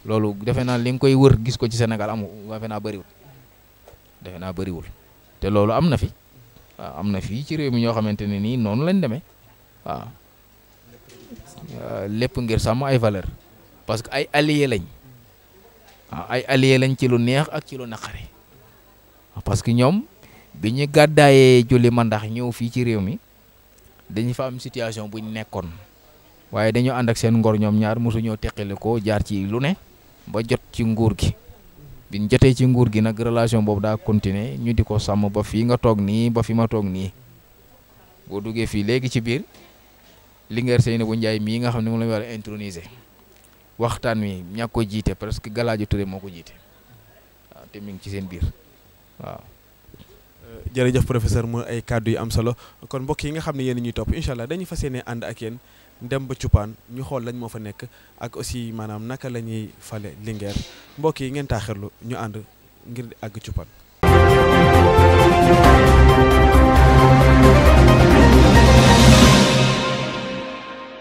loolu defe naa li nga koy wër gis ko ci Sénégal amu defe naa bëriwul defe naa bariwul te loolu am na fi waaw am na fii ci réew mi ñoo xamante ne nii noonu lañ demee waaw lépp ngir sàmm ay valeur parce que ay allie lañ Ah, ay alliés lañ ci lu neex ak ci lu naqari ah, parce que ñoom bi ñu gàddaayee julli mandax ñëw fii ci réew mi dañu fa am situation buñ nekkoon waaye dañoo ànd ak seen ngor ñoom ñaar mosuñoo teqale ko jaar ci lu ne ba jot ci nguur gi biñ jotee ci nguur gi nag relation boobu daa continuer ñu di ko sàmm ba fii nga toog nii ba fi ma toog nii boo duggee fii léegi ci biir Linguère Seynabou njaay mii nga xam ne moom la ñu war a introniser waxtaan wi ñaa ko jiite parce que ture moo ko jiite waaw te mi ngi ci seen biir waaw. Euh, jërëjëf professeur mu ay kàddu yu am solo kon mbokk yi nga xam ne yéen ñuy topp incha allah dañuy fa yéene ànd ak yéen dem ba Cuppaan ñu xool lañ moo fa nekk ak aussi maanaam naka lañuy ñuy fale Linguère mbokk yi ngeen taaxirlu ñu ànd ngir àgg Cuppaan.